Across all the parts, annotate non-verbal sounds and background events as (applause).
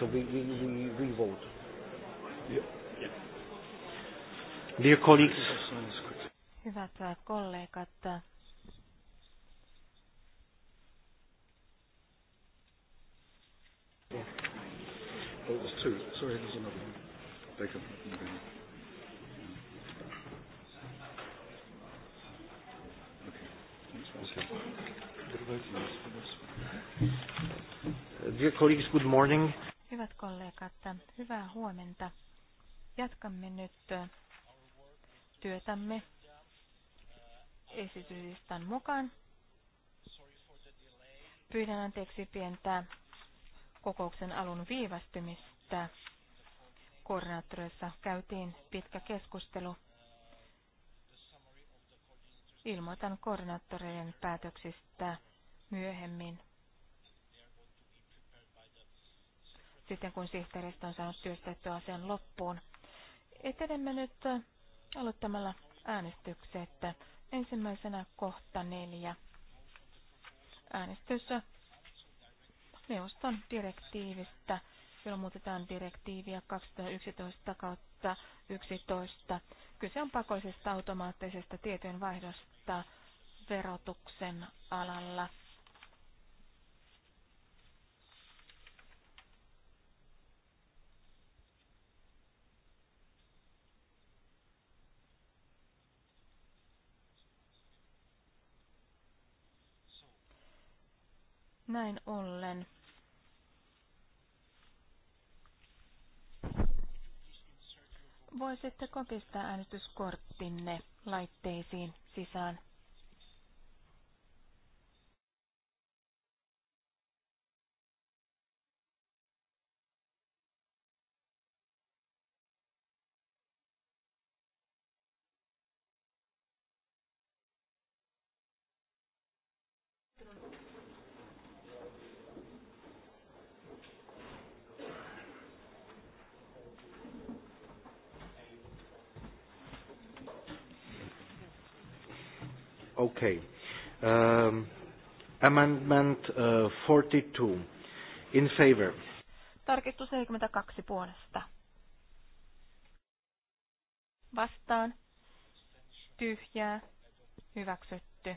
So we, we, we, we vote. Yeah. Yeah. Dear colleagues. Hyvät äh, kollegat. Oh, Dear colleagues, good morning. Hyvät kollegat, hyvää huomenta. Jatkamme nyt työtämme esityslistan mukaan. Pyydän anteeksi pientä kokouksen alun viivästymistä. Koordinaattoreissa käytiin pitkä keskustelu. Ilmoitan koordinaattoreiden päätöksistä myöhemmin. sitten kun sihteeristö on saanut työstettyä asian loppuun. Etenemme nyt aloittamalla äänestykset. Ensimmäisenä kohta neljä. Äänestys neuvoston direktiivistä, Silloin muutetaan direktiiviä 2011 kautta 11. Kyse on pakollisesta automaattisesta tietojenvaihdosta verotuksen alalla. Näin ollen Voisitte pistää äänestyskorttinne laitteisiin sisään? Okay. Um, amendment uh, 42. In favor. Tarkistus 72 puolesta. Vastaan. Tyhjää. Hyväksytty.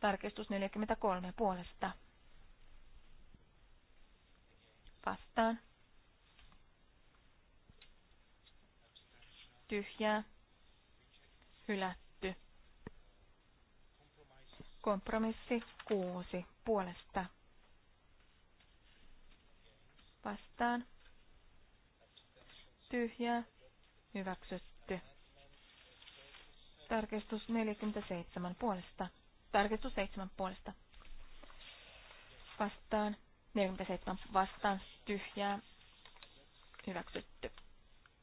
Tarkistus 43 puolesta. Vastaan. Tyhjää. Hylätty Kompromissi kuusi puolesta. Vastaan. Tyhjää. Hyväksytty. Tarkistus 47 puolesta. Tarkistus 7 puolesta. Vastaan. 47 vastaan. Tyhjää. Hyväksytty.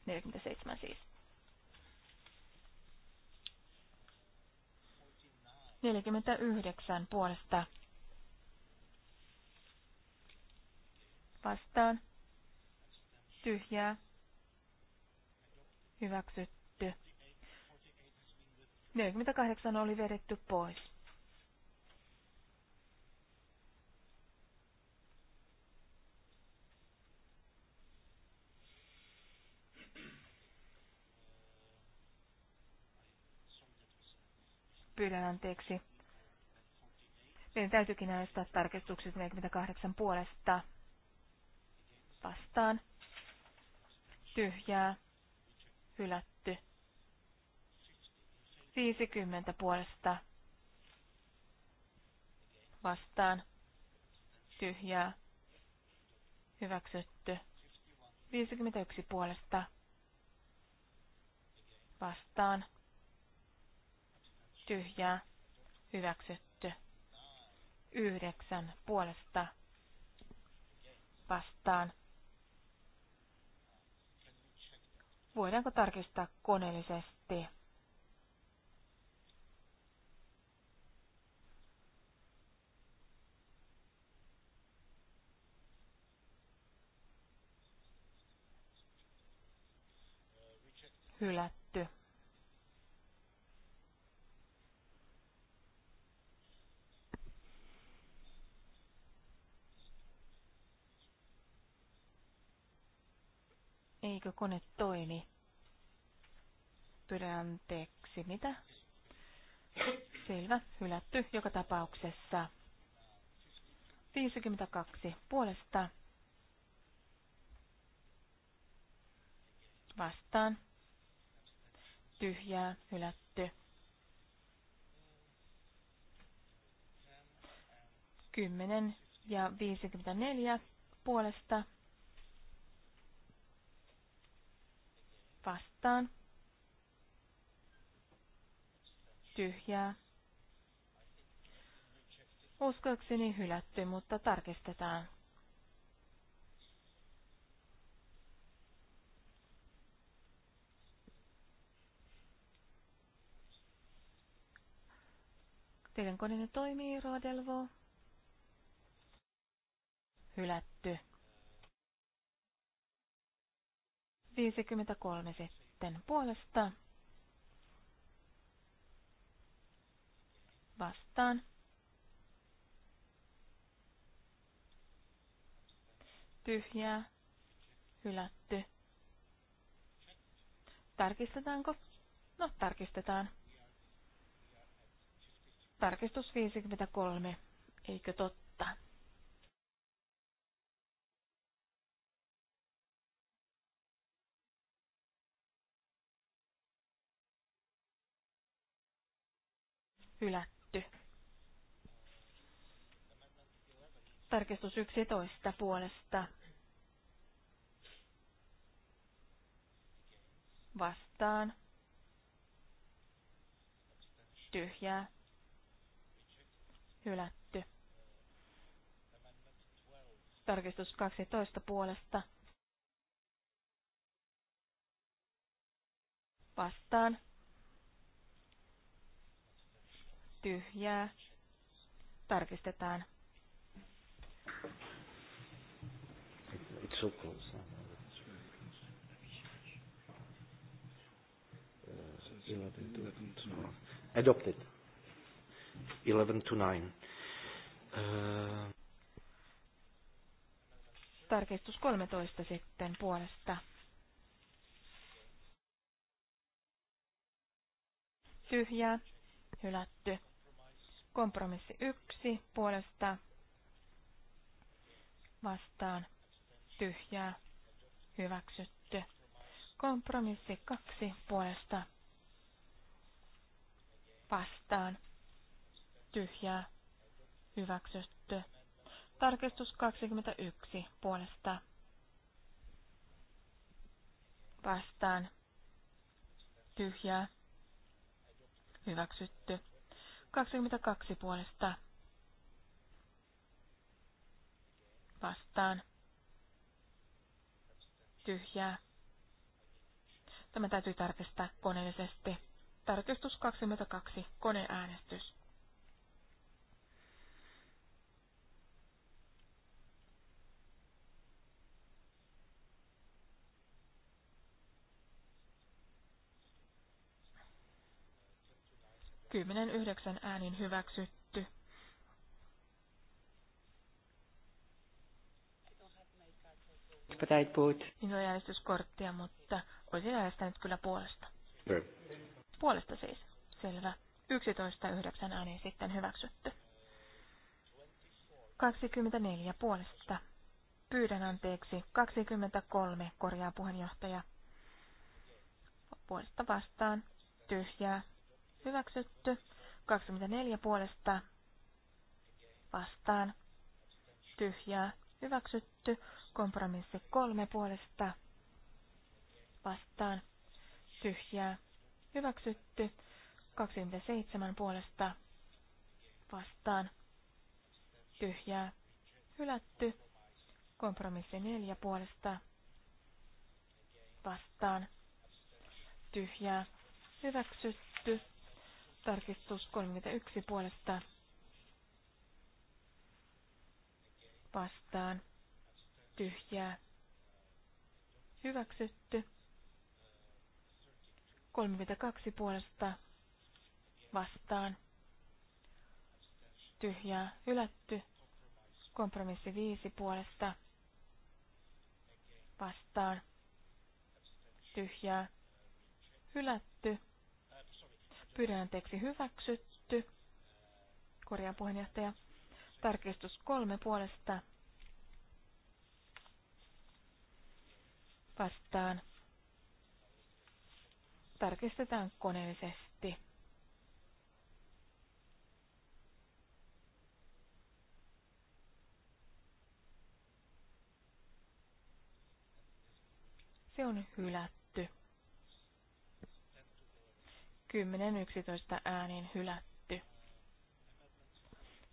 47 siis. 49 puolesta vastaan tyhjää hyväksytty. 48 oli vedetty pois. Pyydän anteeksi. Meidän täytyykin äänestää tarkistukset 48 puolesta vastaan. Tyhjää. Hylätty. 50 puolesta vastaan. Tyhjää. Hyväksytty. 51 puolesta vastaan tyhjää, hyväksytty. Yhdeksän puolesta vastaan. Voidaanko tarkistaa koneellisesti? Hylät Eikö kone toimi? Pyydän anteeksi, mitä? Selvä, hylätty joka tapauksessa. 52 puolesta. Vastaan. Tyhjää, hylätty. 10 ja 54 puolesta vastaan, tyhjää. Uskoakseni hylätty, mutta tarkistetaan. Teidän koneenne toimii, Rodelvo. Hylätty. 53 sitten puolesta. Vastaan. Tyhjää. Hylätty. Tarkistetaanko? No, tarkistetaan. Tarkistus 53. Eikö totta? hylätty. Tarkistus 11 puolesta vastaan tyhjää hylätty. Tarkistus 12 puolesta vastaan tyhjää, tarkistetaan. Uh, Adopted. 11 to 9. Uh... Tarkistus 13 sitten puolesta. Tyhjää, hylätty. Kompromissi yksi puolesta vastaan tyhjää hyväksytty. Kompromissi kaksi puolesta vastaan tyhjää hyväksytty. Tarkistus 21 puolesta vastaan tyhjää hyväksytty. 22 puolesta vastaan. Tyhjää. Tämä täytyy tarkistaa koneellisesti. Tarkistus 22. Koneäänestys. yhdeksän äänin hyväksytty. But on Minulla äänestyskorttia, mutta olisin äänestänyt kyllä puolesta. Yeah. Puolesta siis. Selvä. yhdeksän ääniin sitten hyväksytty. 24 puolesta. Pyydän anteeksi. 23 korjaa puheenjohtaja. Puolesta vastaan. Tyhjää hyväksytty. 24 puolesta vastaan tyhjää hyväksytty. Kompromissi 3 puolesta vastaan tyhjää hyväksytty. 27 puolesta vastaan tyhjää hylätty. Kompromissi 4 puolesta vastaan tyhjää hyväksytty Tarkistus 31 puolesta vastaan tyhjää. Hyväksytty. 32 puolesta vastaan. Tyhjää hylätty. Kompromissi 5 puolesta vastaan. Tyhjää hylätty Pyydän anteeksi hyväksytty. Korjaan puheenjohtaja. Tarkistus kolme puolesta. Vastaan. Tarkistetaan koneellisesti. Se on hylätty 10.11 11 ääniin hylätty.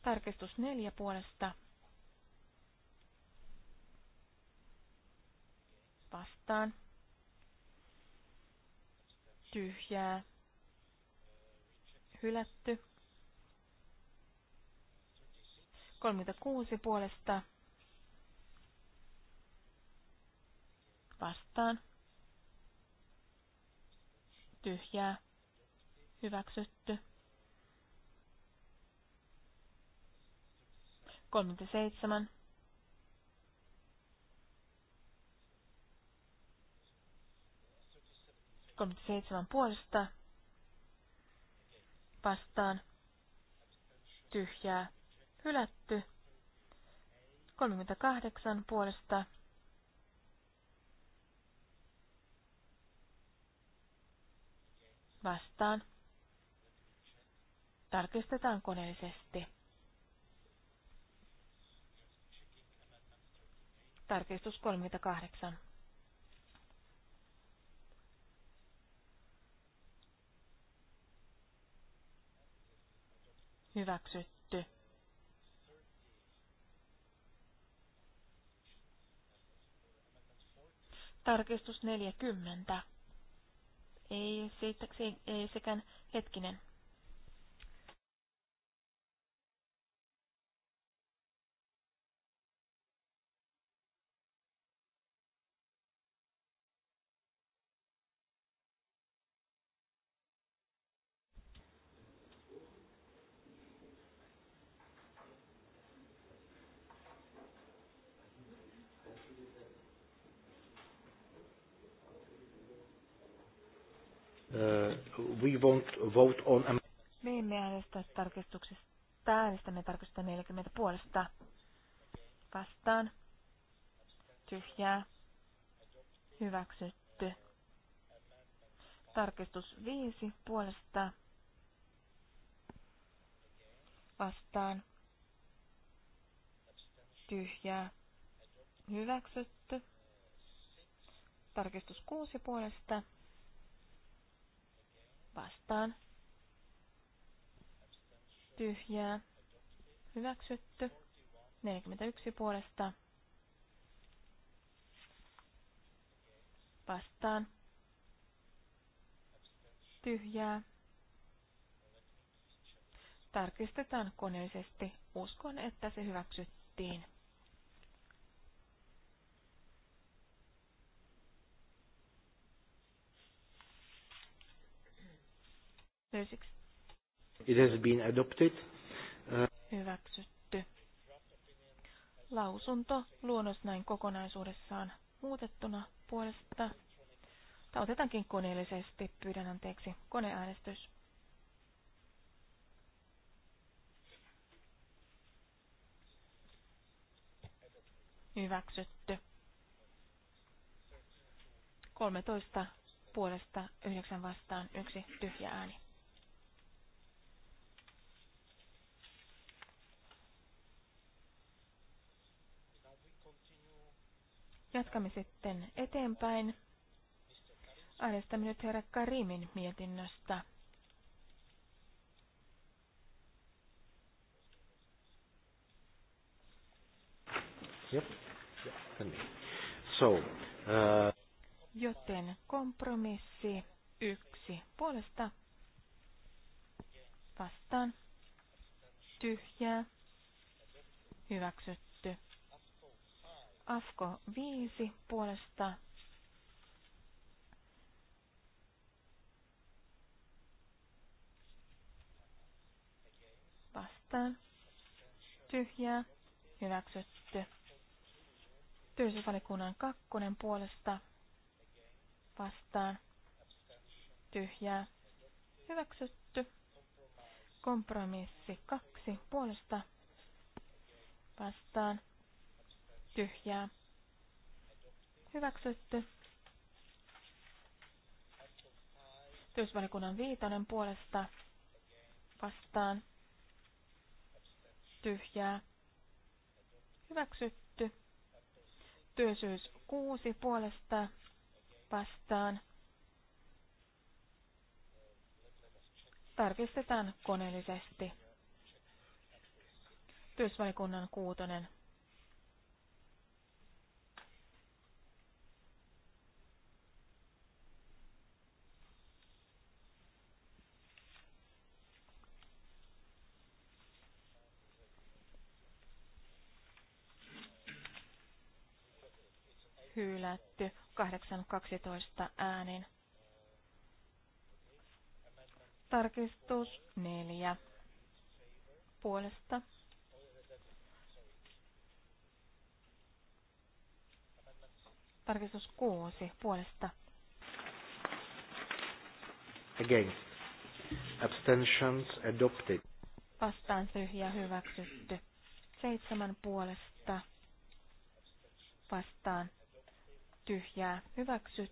Tarkistus neljä puolesta vastaan. Tyhjää. Hylätty. 36 puolesta vastaan. Tyhjää Hyväksytty. 37. seitsemän puolesta vastaan tyhjää hylätty. 38 puolesta vastaan tarkistetaan koneellisesti. Tarkistus 38. Hyväksytty. Tarkistus 40. Ei, siitä, ei sekään hetkinen. Tästä tarkistuksesta äänestämme tarkistusta 40 puolesta. Vastaan. Tyhjää. Hyväksytty. Tarkistus 5 puolesta. Vastaan. Tyhjää. Hyväksytty. Tarkistus 6 puolesta. Vastaan tyhjää, hyväksytty. 41 puolesta vastaan, tyhjää. Tarkistetaan koneellisesti. Uskon, että se hyväksyttiin. Löysikö It has been adopted. Hyväksytty. Lausunto luonnos näin kokonaisuudessaan muutettuna puolesta. Tämä otetaankin koneellisesti. Pyydän anteeksi. Koneäänestys. Hyväksytty. 13 puolesta 9 vastaan yksi tyhjä ääni. Jatkamme sitten eteenpäin. Äänestämme nyt herra Karimin mietinnöstä. Jep. So, uh... Joten kompromissi yksi puolesta vastaan tyhjää hyväksytty Afko 5 puolesta vastaan. tyhjä Hyväksytty. Työllisyysvalikunnan kakkonen puolesta vastaan. tyhjä Hyväksytty. Kompromissi kaksi puolesta vastaan tyhjää. Hyväksytty. Työsvalikunnan viitonen puolesta vastaan tyhjää. Hyväksytty. Työsyys kuusi puolesta vastaan. Tarkistetaan koneellisesti. Työsvalikunnan kuutonen hylätty 8.12 äänin. Tarkistus 4 puolesta. Tarkistus 6 puolesta. Against. Abstentions adopted. Vastaan tyhjä hyväksytty. Seitsemän puolesta. Vastaan tyhjää hyväksy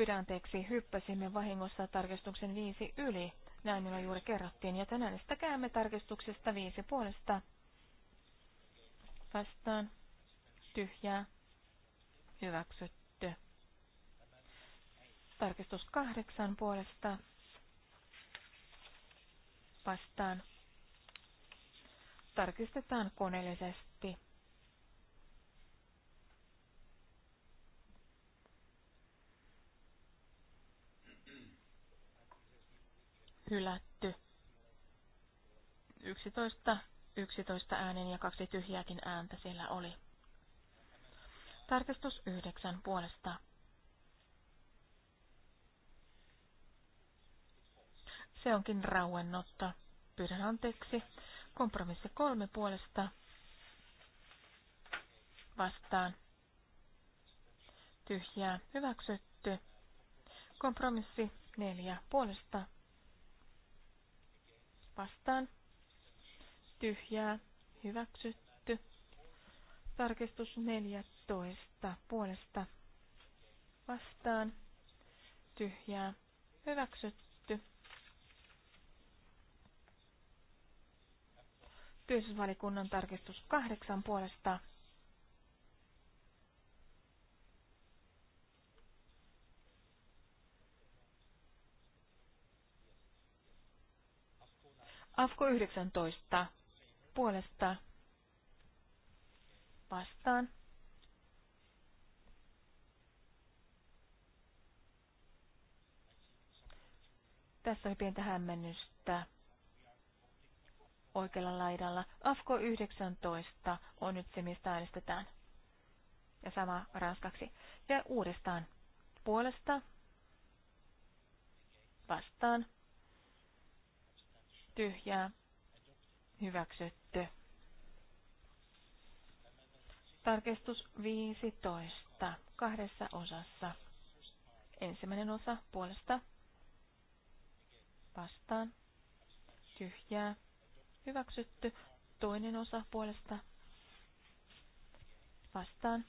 pyydä anteeksi, hyppäsimme vahingossa tarkistuksen viisi yli. Näin minulla juuri kerrottiin, ja tänään sitä käymme tarkistuksesta viisi puolesta. Vastaan. Tyhjää. Hyväksytty. Tarkistus kahdeksan puolesta. Vastaan. Tarkistetaan koneellisesti. hylätty. 11, 11 äänen ja kaksi tyhjääkin ääntä siellä oli. Tarkistus 9 puolesta. Se onkin rauennotta. Pyydän anteeksi. Kompromissi 3 puolesta. Vastaan. Tyhjää hyväksytty. Kompromissi 4 puolesta vastaan, tyhjää, hyväksytty. Tarkistus 14 puolesta vastaan, tyhjää, hyväksytty. Työllisyysvalikunnan tarkistus 8 puolesta Afko 19 puolesta vastaan. Tässä oli pientä hämmennystä oikealla laidalla. Afko 19 on nyt se, mistä äänestetään. Ja sama ranskaksi. Ja uudestaan puolesta vastaan tyhjää hyväksytty. Tarkistus 15 kahdessa osassa. Ensimmäinen osa puolesta vastaan tyhjää hyväksytty. Toinen osa puolesta vastaan.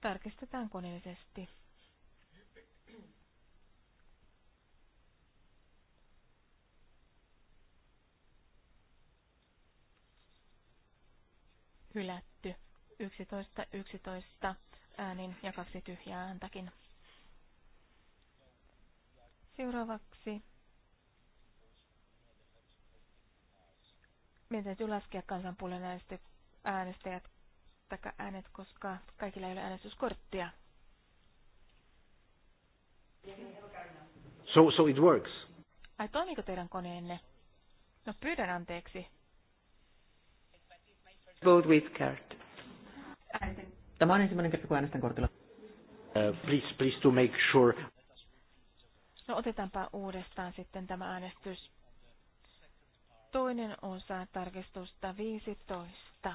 Tarkistetaan koneellisesti. hylätty 11 11 äänin ja kaksi tyhjää ääntäkin. Seuraavaksi meidän täytyy laskea kansanpuolen äänestäjät taikka äänet, koska kaikilla ei ole äänestyskorttia. So, so it works. Ai toimiko teidän koneenne? No pyydän anteeksi. Vote with card. Tämä on ensimmäinen kerta, kun äänestän kortilla. Uh, please, please to make sure. No otetaanpa uudestaan sitten tämä äänestys. Toinen osa tarkistusta 15.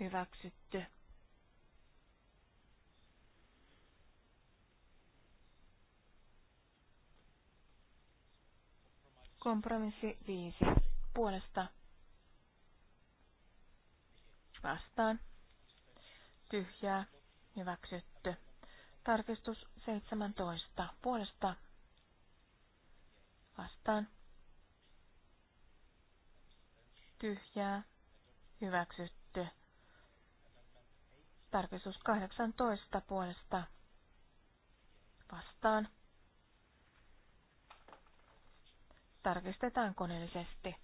Hyväksytty. Kompromissi 5. Puolesta vastaan. Tyhjää. Hyväksytty. Tarkistus 17. Puolesta vastaan. Tyhjää. Hyväksytty. Tarkistus 18. Puolesta vastaan. tarkistetaan koneellisesti.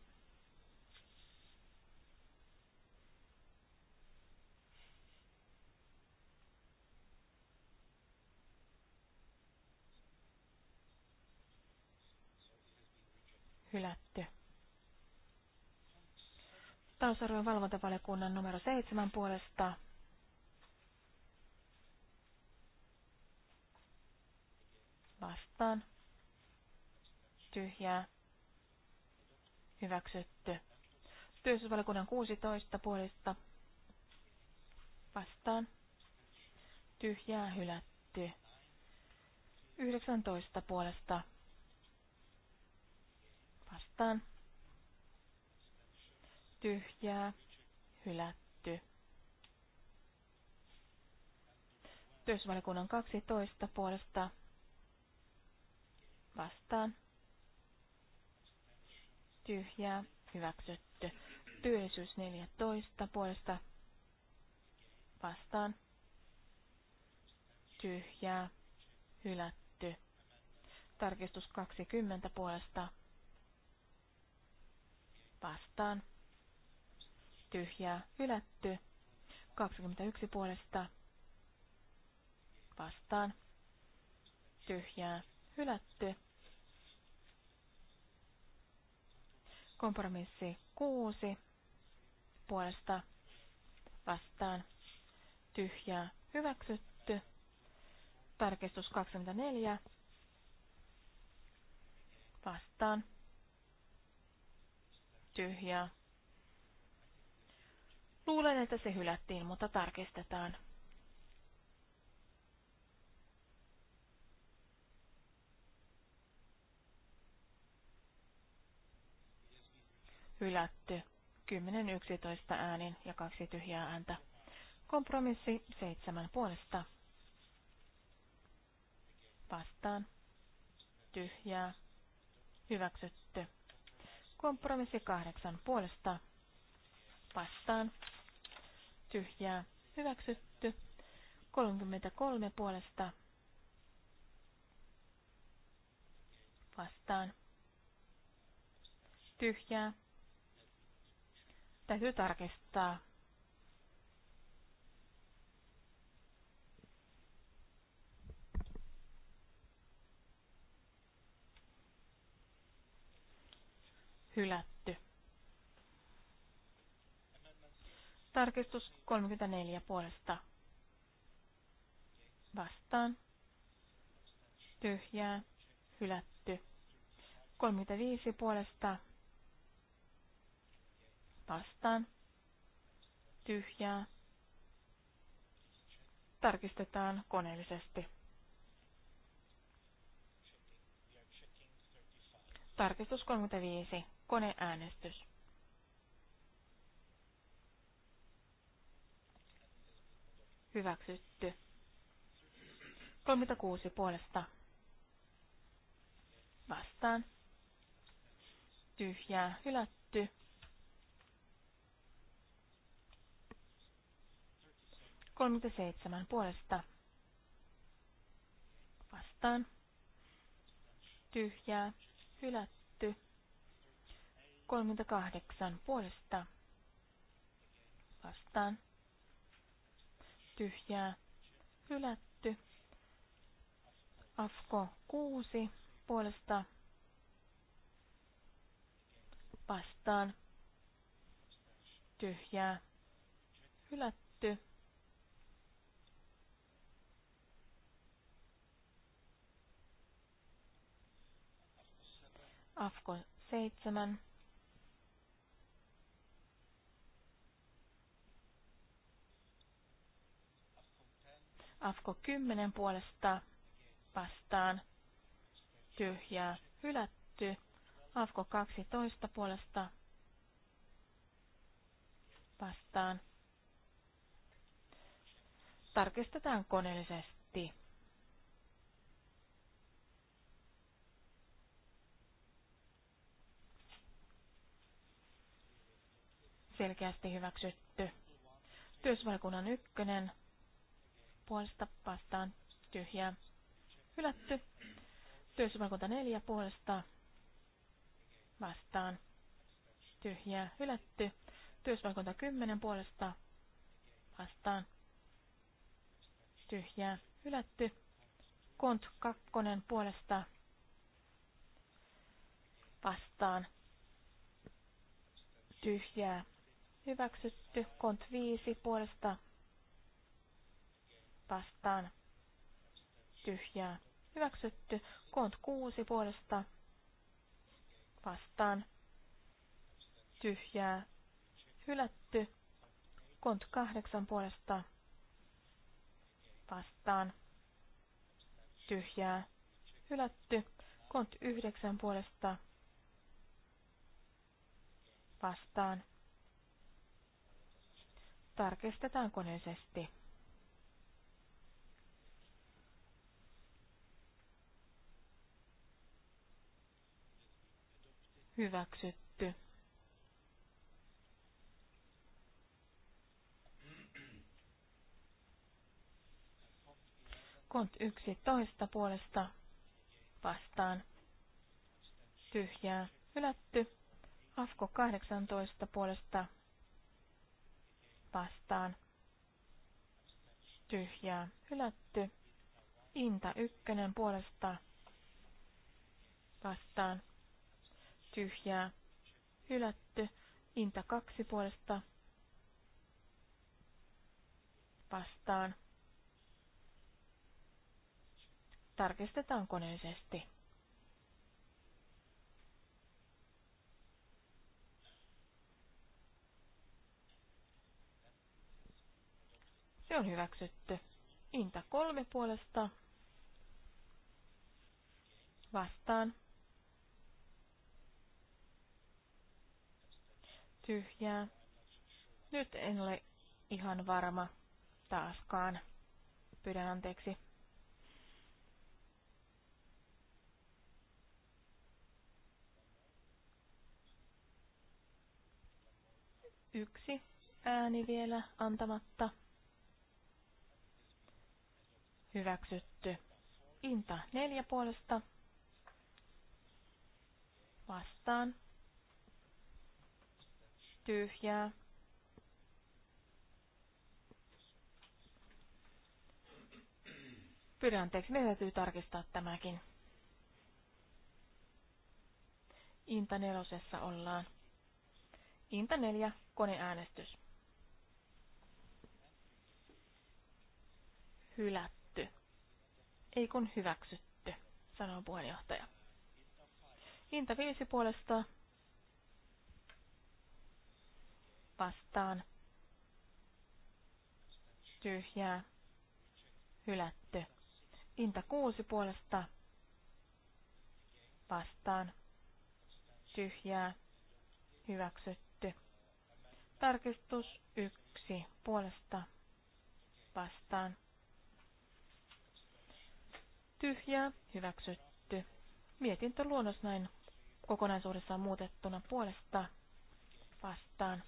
Hylätty. Talousarvion valvontavaliokunnan numero 7 puolesta vastaan tyhjää Hyväksytty. Työllisyysvaliokunnan 16 puolesta vastaan. Tyhjää hylätty. 19 puolesta vastaan. Tyhjää hylätty. Työsvalikunnan 12 puolesta vastaan tyhjää, hyväksytty. Työllisyys 14 puolesta vastaan, tyhjää, hylätty. Tarkistus 20 puolesta vastaan, tyhjää, hylätty. 21 puolesta vastaan, tyhjää, hylätty. Kompromissi 6 puolesta vastaan tyhjää hyväksytty. Tarkistus 24 vastaan tyhjää. Luulen, että se hylättiin, mutta tarkistetaan. hylätty 10-11 äänin ja kaksi tyhjää ääntä. Kompromissi 7 puolesta. Vastaan. Tyhjää. Hyväksytty. Kompromissi 8 puolesta. Vastaan. Tyhjää. Hyväksytty. 33 puolesta. Vastaan. Tyhjää Täytyy tarkistaa. Hylätty. Tarkistus 34 puolesta. Vastaan. Tyhjää. Hylätty. 35 puolesta vastaan, tyhjää, tarkistetaan koneellisesti. Tarkistus 35. Koneäänestys. Hyväksytty. 36 puolesta. Vastaan. Tyhjää. Hylätty. 37 puolesta vastaan. Tyhjää, hylätty. 38 puolesta vastaan. Tyhjää, hylätty. Afko 6 puolesta vastaan. Tyhjää, hylätty. Afko 7. Afko 10 puolesta vastaan tyhjää hylätty. Afko 12 puolesta vastaan. Tarkistetaan koneellisesti. selkeästi hyväksytty. Työsvalkunnan ykkönen puolesta vastaan tyhjää hylätty. Työsvalkunta neljä puolesta vastaan tyhjää hylätty. Työsvalkunta kymmenen puolesta vastaan tyhjää hylätty. Kont kakkonen puolesta vastaan tyhjää Hyväksytty. Kont 5 puolesta vastaan. Tyhjää. Hyväksytty. Kont 6 puolesta vastaan. Tyhjää. Hylätty. Kont 8 puolesta vastaan. Tyhjää. Hylätty. Kont 9 puolesta vastaan Tyhjää tarkistetaan koneisesti. Hyväksytty. Kont 11 puolesta vastaan. Tyhjää hylätty. Afko 18 puolesta vastaan. Tyhjää hylätty. Inta ykkönen puolesta vastaan. Tyhjää hylätty. Inta kaksi puolesta vastaan. Tarkistetaan koneisesti. Se on hyväksytty. Inta kolme puolesta. Vastaan. Tyhjää. Nyt en ole ihan varma taaskaan. Pyydän anteeksi. Yksi ääni vielä antamatta. Hyväksytty. Inta neljä puolesta. Vastaan. Tyhjää. Pyydän anteeksi, meidän täytyy tarkistaa tämäkin. Inta nelosessa ollaan. Inta neljä, koneäänestys. Hylätty ei kun hyväksytty, sanoo puheenjohtaja. Hinta viisi puolesta vastaan tyhjää, hylätty. Inta kuusi puolesta vastaan, tyhjää, hyväksytty. Tarkistus yksi puolesta vastaan, tyhjää, hyväksytty. Mietintö luonnos näin kokonaisuudessaan muutettuna puolesta vastaan.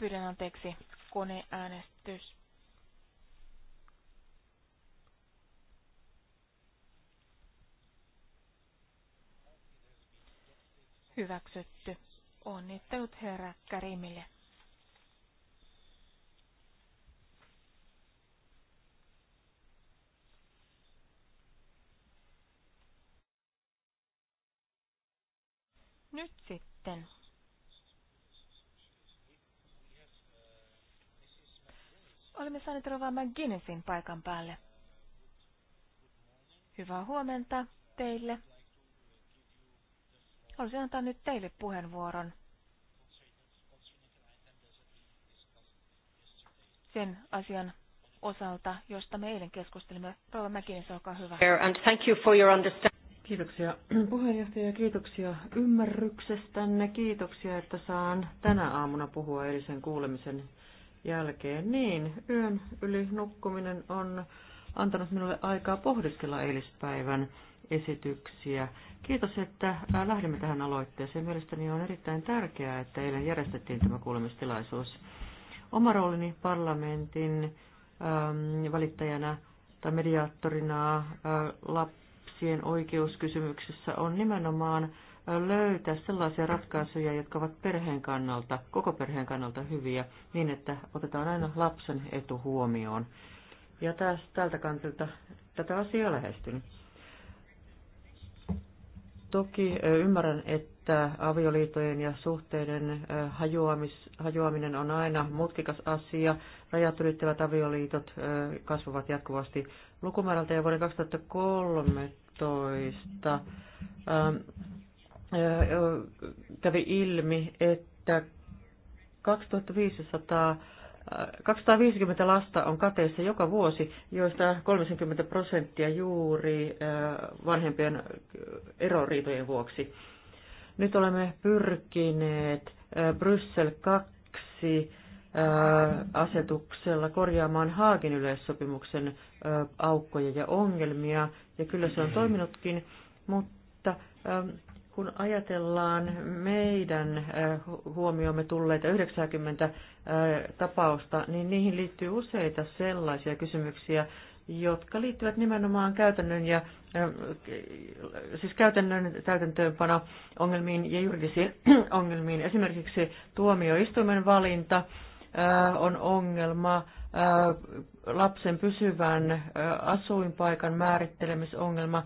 Pyydän anteeksi koneäänestys. Hyväksytty. Onnittelut herra Karimille. Sitten Olemme saaneet Rova McGinnisin paikan päälle. Hyvää huomenta teille. Haluaisin antaa nyt teille puheenvuoron. Sen asian osalta, josta me eilen keskustelimme. Rova McGinnis, olkaa hyvä. Kiitoksia puheenjohtaja ja kiitoksia ymmärryksestänne. Kiitoksia, että saan tänä aamuna puhua eilisen kuulemisen jälkeen. Niin, yön yli nukkuminen on antanut minulle aikaa pohdiskella eilispäivän esityksiä. Kiitos, että lähdimme tähän aloitteeseen. Mielestäni on erittäin tärkeää, että eilen järjestettiin tämä kuulemistilaisuus. Oma roolini parlamentin ähm, välittäjänä tai mediaattorina äh, lapsien oikeuskysymyksessä on nimenomaan löytää sellaisia ratkaisuja, jotka ovat perheen kannalta, koko perheen kannalta hyviä, niin että otetaan aina lapsen etu huomioon. Ja tästä tältä kantilta tätä asiaa lähestyn. Toki ymmärrän, että avioliitojen ja suhteiden hajoamis, hajoaminen on aina mutkikas asia. Rajat ylittävät avioliitot kasvavat jatkuvasti lukumäärältä ja vuoden 2003 2012 ähm, äh, kävi ilmi, että 2500 250 äh, lasta on kateissa joka vuosi, joista 30 prosenttia juuri äh, vanhempien eroriitojen vuoksi. Nyt olemme pyrkineet Bryssel 2 asetuksella korjaamaan Haagin yleissopimuksen aukkoja ja ongelmia, ja kyllä se on toiminutkin, mutta kun ajatellaan meidän huomioomme tulleita 90 tapausta, niin niihin liittyy useita sellaisia kysymyksiä, jotka liittyvät nimenomaan käytännön ja siis käytännön täytäntöönpano ongelmiin ja juridisiin ongelmiin. Esimerkiksi tuomioistuimen valinta, on ongelma, lapsen pysyvän asuinpaikan määrittelemisongelma,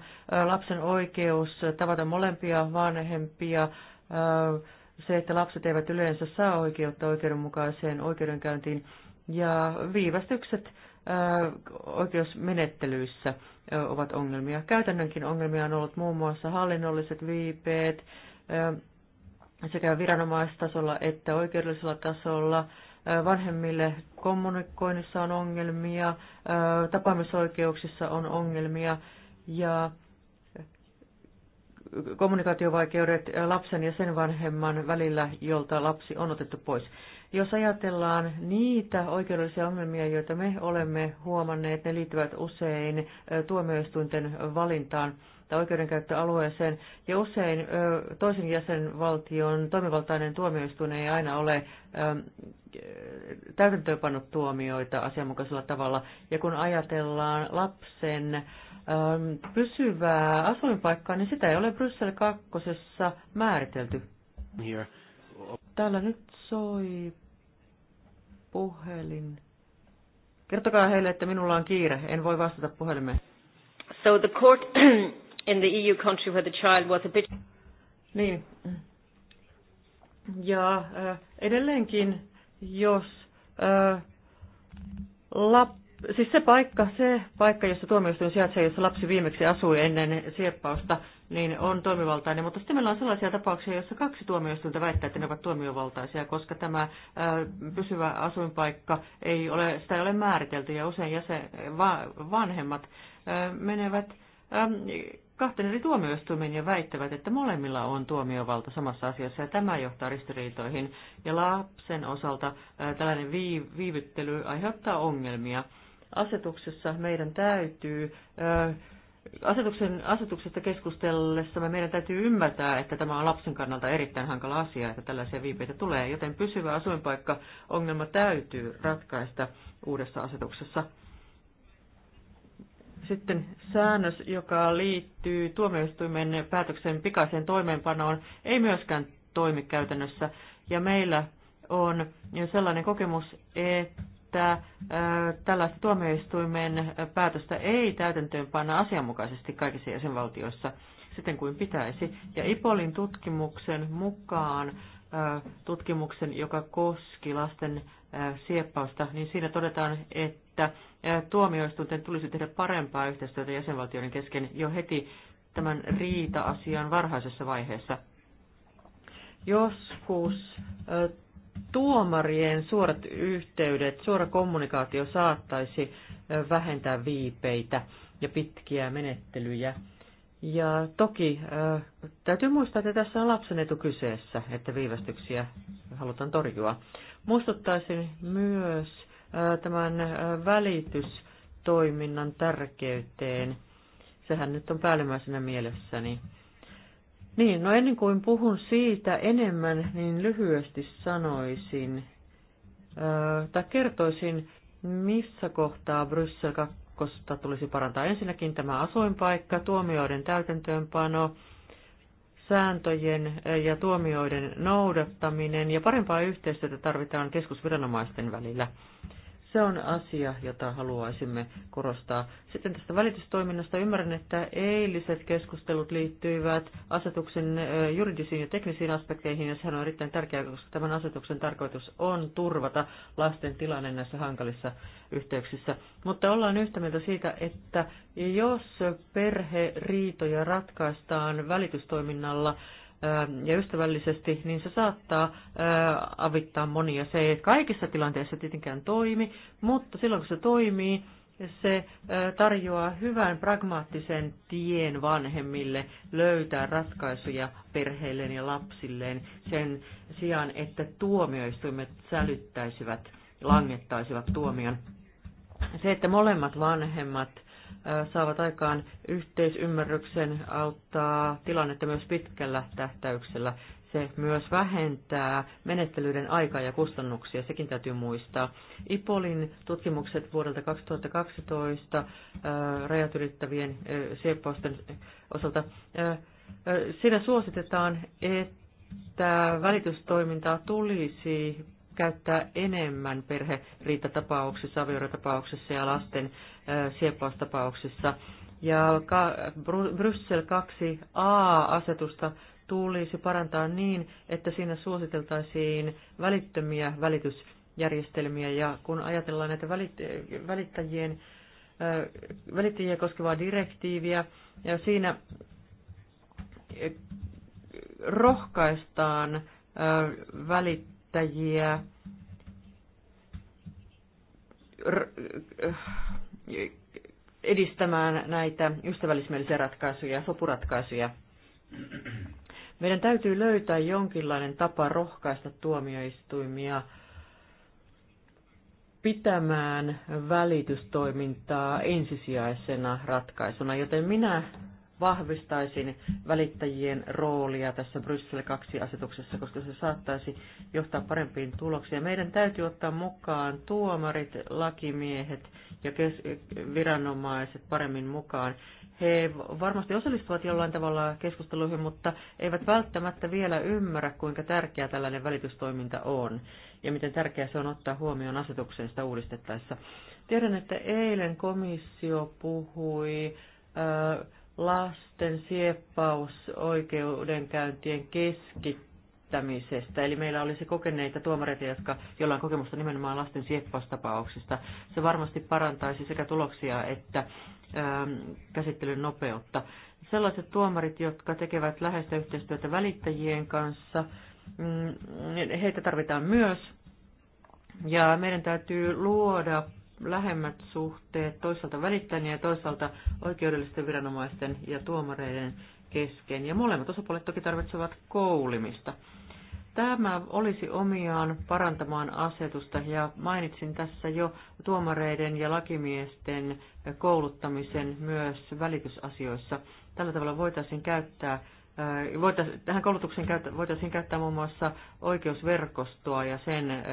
lapsen oikeus tavata molempia vanhempia, se, että lapset eivät yleensä saa oikeutta oikeudenmukaiseen oikeudenkäyntiin ja viivästykset oikeusmenettelyissä ovat ongelmia. Käytännönkin ongelmia on ollut muun muassa hallinnolliset viipeet sekä viranomaistasolla että oikeudellisella tasolla – vanhemmille kommunikoinnissa on ongelmia, tapaamisoikeuksissa on ongelmia ja kommunikaatiovaikeudet lapsen ja sen vanhemman välillä, jolta lapsi on otettu pois. Jos ajatellaan niitä oikeudellisia ongelmia, joita me olemme huomanneet, ne liittyvät usein tuomioistuinten valintaan tai oikeudenkäyttöalueeseen, ja usein toisen jäsenvaltion toimivaltainen tuomioistuin ei aina ole täytäntöönpannut tuomioita asianmukaisella tavalla. Ja kun ajatellaan lapsen pysyvää asuinpaikkaa, niin sitä ei ole Bryssel kakkosessa määritelty. Here. Täällä nyt soi puhelin. Kertokaa heille, että minulla on kiire. En voi vastata puhelimeen. So the court in the EU country where the child was a bit... Niin. Ja äh, edelleenkin, jos äh, lap, siis se paikka, se paikka, jossa tuomioistuin sijaitsee, jossa lapsi viimeksi asui ennen sieppausta, niin on toimivaltainen. Mutta sitten meillä on sellaisia tapauksia, joissa kaksi tuomioistuinta väittää, että ne ovat tuomiovaltaisia, koska tämä ää, äh, pysyvä asuinpaikka, ei ole, sitä ei ole määritelty ja usein jäsen, va, vanhemmat ää, äh, menevät Ähm, Kahden eri tuomioistuimen ja väittävät, että molemmilla on tuomiovalta samassa asiassa ja tämä johtaa ristiriitoihin. Ja lapsen osalta äh, tällainen viivyttely aiheuttaa ongelmia. Asetuksessa meidän täytyy äh, asetuksen, asetuksesta keskustellessa meidän täytyy ymmärtää, että tämä on lapsen kannalta erittäin hankala asia, että tällaisia viipeitä tulee, joten pysyvä asuinpaikka-ongelma täytyy ratkaista uudessa asetuksessa. Sitten säännös, joka liittyy tuomioistuimen päätöksen pikaiseen toimeenpanoon, ei myöskään toimi käytännössä. Ja meillä on sellainen kokemus, että tällaista tuomioistuimen päätöstä ei panna asianmukaisesti kaikissa jäsenvaltioissa siten kuin pitäisi. Ja IPOLin tutkimuksen mukaan, tutkimuksen, joka koski lasten sieppausta, niin siinä todetaan, että että tuomioistuinten tulisi tehdä parempaa yhteistyötä jäsenvaltioiden kesken jo heti tämän riita-asian varhaisessa vaiheessa. Joskus tuomarien suorat yhteydet, suora kommunikaatio saattaisi vähentää viipeitä ja pitkiä menettelyjä. Ja toki täytyy muistaa, että tässä on lapsen etu kyseessä, että viivästyksiä halutaan torjua. Muistuttaisin myös tämän välitystoiminnan tärkeyteen. Sehän nyt on päällimmäisenä mielessäni. Niin, no ennen kuin puhun siitä enemmän, niin lyhyesti sanoisin, tai kertoisin, missä kohtaa Bryssel 2 tulisi parantaa. Ensinnäkin tämä asuinpaikka, tuomioiden täytäntöönpano, sääntöjen ja tuomioiden noudattaminen ja parempaa yhteistyötä tarvitaan keskusviranomaisten välillä. Se on asia, jota haluaisimme korostaa. Sitten tästä välitystoiminnasta ymmärrän, että eiliset keskustelut liittyivät asetuksen juridisiin ja teknisiin aspekteihin, ja sehän on erittäin tärkeää, koska tämän asetuksen tarkoitus on turvata lasten tilanne näissä hankalissa yhteyksissä. Mutta ollaan yhtä mieltä siitä, että jos perheriitoja ratkaistaan välitystoiminnalla, ja ystävällisesti, niin se saattaa avittaa monia. Se ei kaikissa tilanteissa tietenkään toimi, mutta silloin kun se toimii, se tarjoaa hyvän pragmaattisen tien vanhemmille löytää ratkaisuja perheilleen ja lapsilleen sen sijaan, että tuomioistuimet sälyttäisivät, langettaisivat tuomion. Se, että molemmat vanhemmat – saavat aikaan yhteisymmärryksen, auttaa tilannetta myös pitkällä tähtäyksellä. Se myös vähentää menettelyiden aikaa ja kustannuksia, sekin täytyy muistaa. IPOLin tutkimukset vuodelta 2012 rajat ylittävien sieppausten osalta, siinä suositetaan, että välitystoimintaa tulisi käyttää enemmän perheriitatapauksissa, avioerotapauksissa ja lasten sieppaustapauksissa. Ja Bryssel 2a-asetusta tulisi parantaa niin, että siinä suositeltaisiin välittömiä välitysjärjestelmiä. Ja kun ajatellaan näitä välittäjien, välittäjiä koskevaa direktiiviä, ja siinä rohkaistaan välittäjiä yrittäjiä, edistämään näitä ystävällismielisiä ratkaisuja, sopuratkaisuja. Meidän täytyy löytää jonkinlainen tapa rohkaista tuomioistuimia pitämään välitystoimintaa ensisijaisena ratkaisuna, joten minä vahvistaisin välittäjien roolia tässä Bryssel 2-asetuksessa, koska se saattaisi johtaa parempiin tuloksiin. Meidän täytyy ottaa mukaan tuomarit, lakimiehet ja viranomaiset paremmin mukaan. He varmasti osallistuvat jollain tavalla keskusteluihin, mutta eivät välttämättä vielä ymmärrä, kuinka tärkeää tällainen välitystoiminta on ja miten tärkeää se on ottaa huomioon asetukseen sitä uudistettaessa. Tiedän, että eilen komissio puhui äh, lasten sieppaus oikeudenkäyntien keskittämisestä. Eli meillä olisi kokeneita tuomareita, jotka, joilla on kokemusta nimenomaan lasten sieppaustapauksista. Se varmasti parantaisi sekä tuloksia että ähm, käsittelyn nopeutta. Sellaiset tuomarit, jotka tekevät läheistä yhteistyötä välittäjien kanssa, mm, heitä tarvitaan myös. Ja meidän täytyy luoda lähemmät suhteet toisaalta välittäjien ja toisaalta oikeudellisten viranomaisten ja tuomareiden kesken. Ja molemmat osapuolet toki tarvitsevat koulimista. Tämä olisi omiaan parantamaan asetusta ja mainitsin tässä jo tuomareiden ja lakimiesten kouluttamisen myös välitysasioissa. Tällä tavalla voitaisiin käyttää äh, Tähän koulutukseen voitaisiin käyttää muun muassa oikeusverkostoa ja sen äh,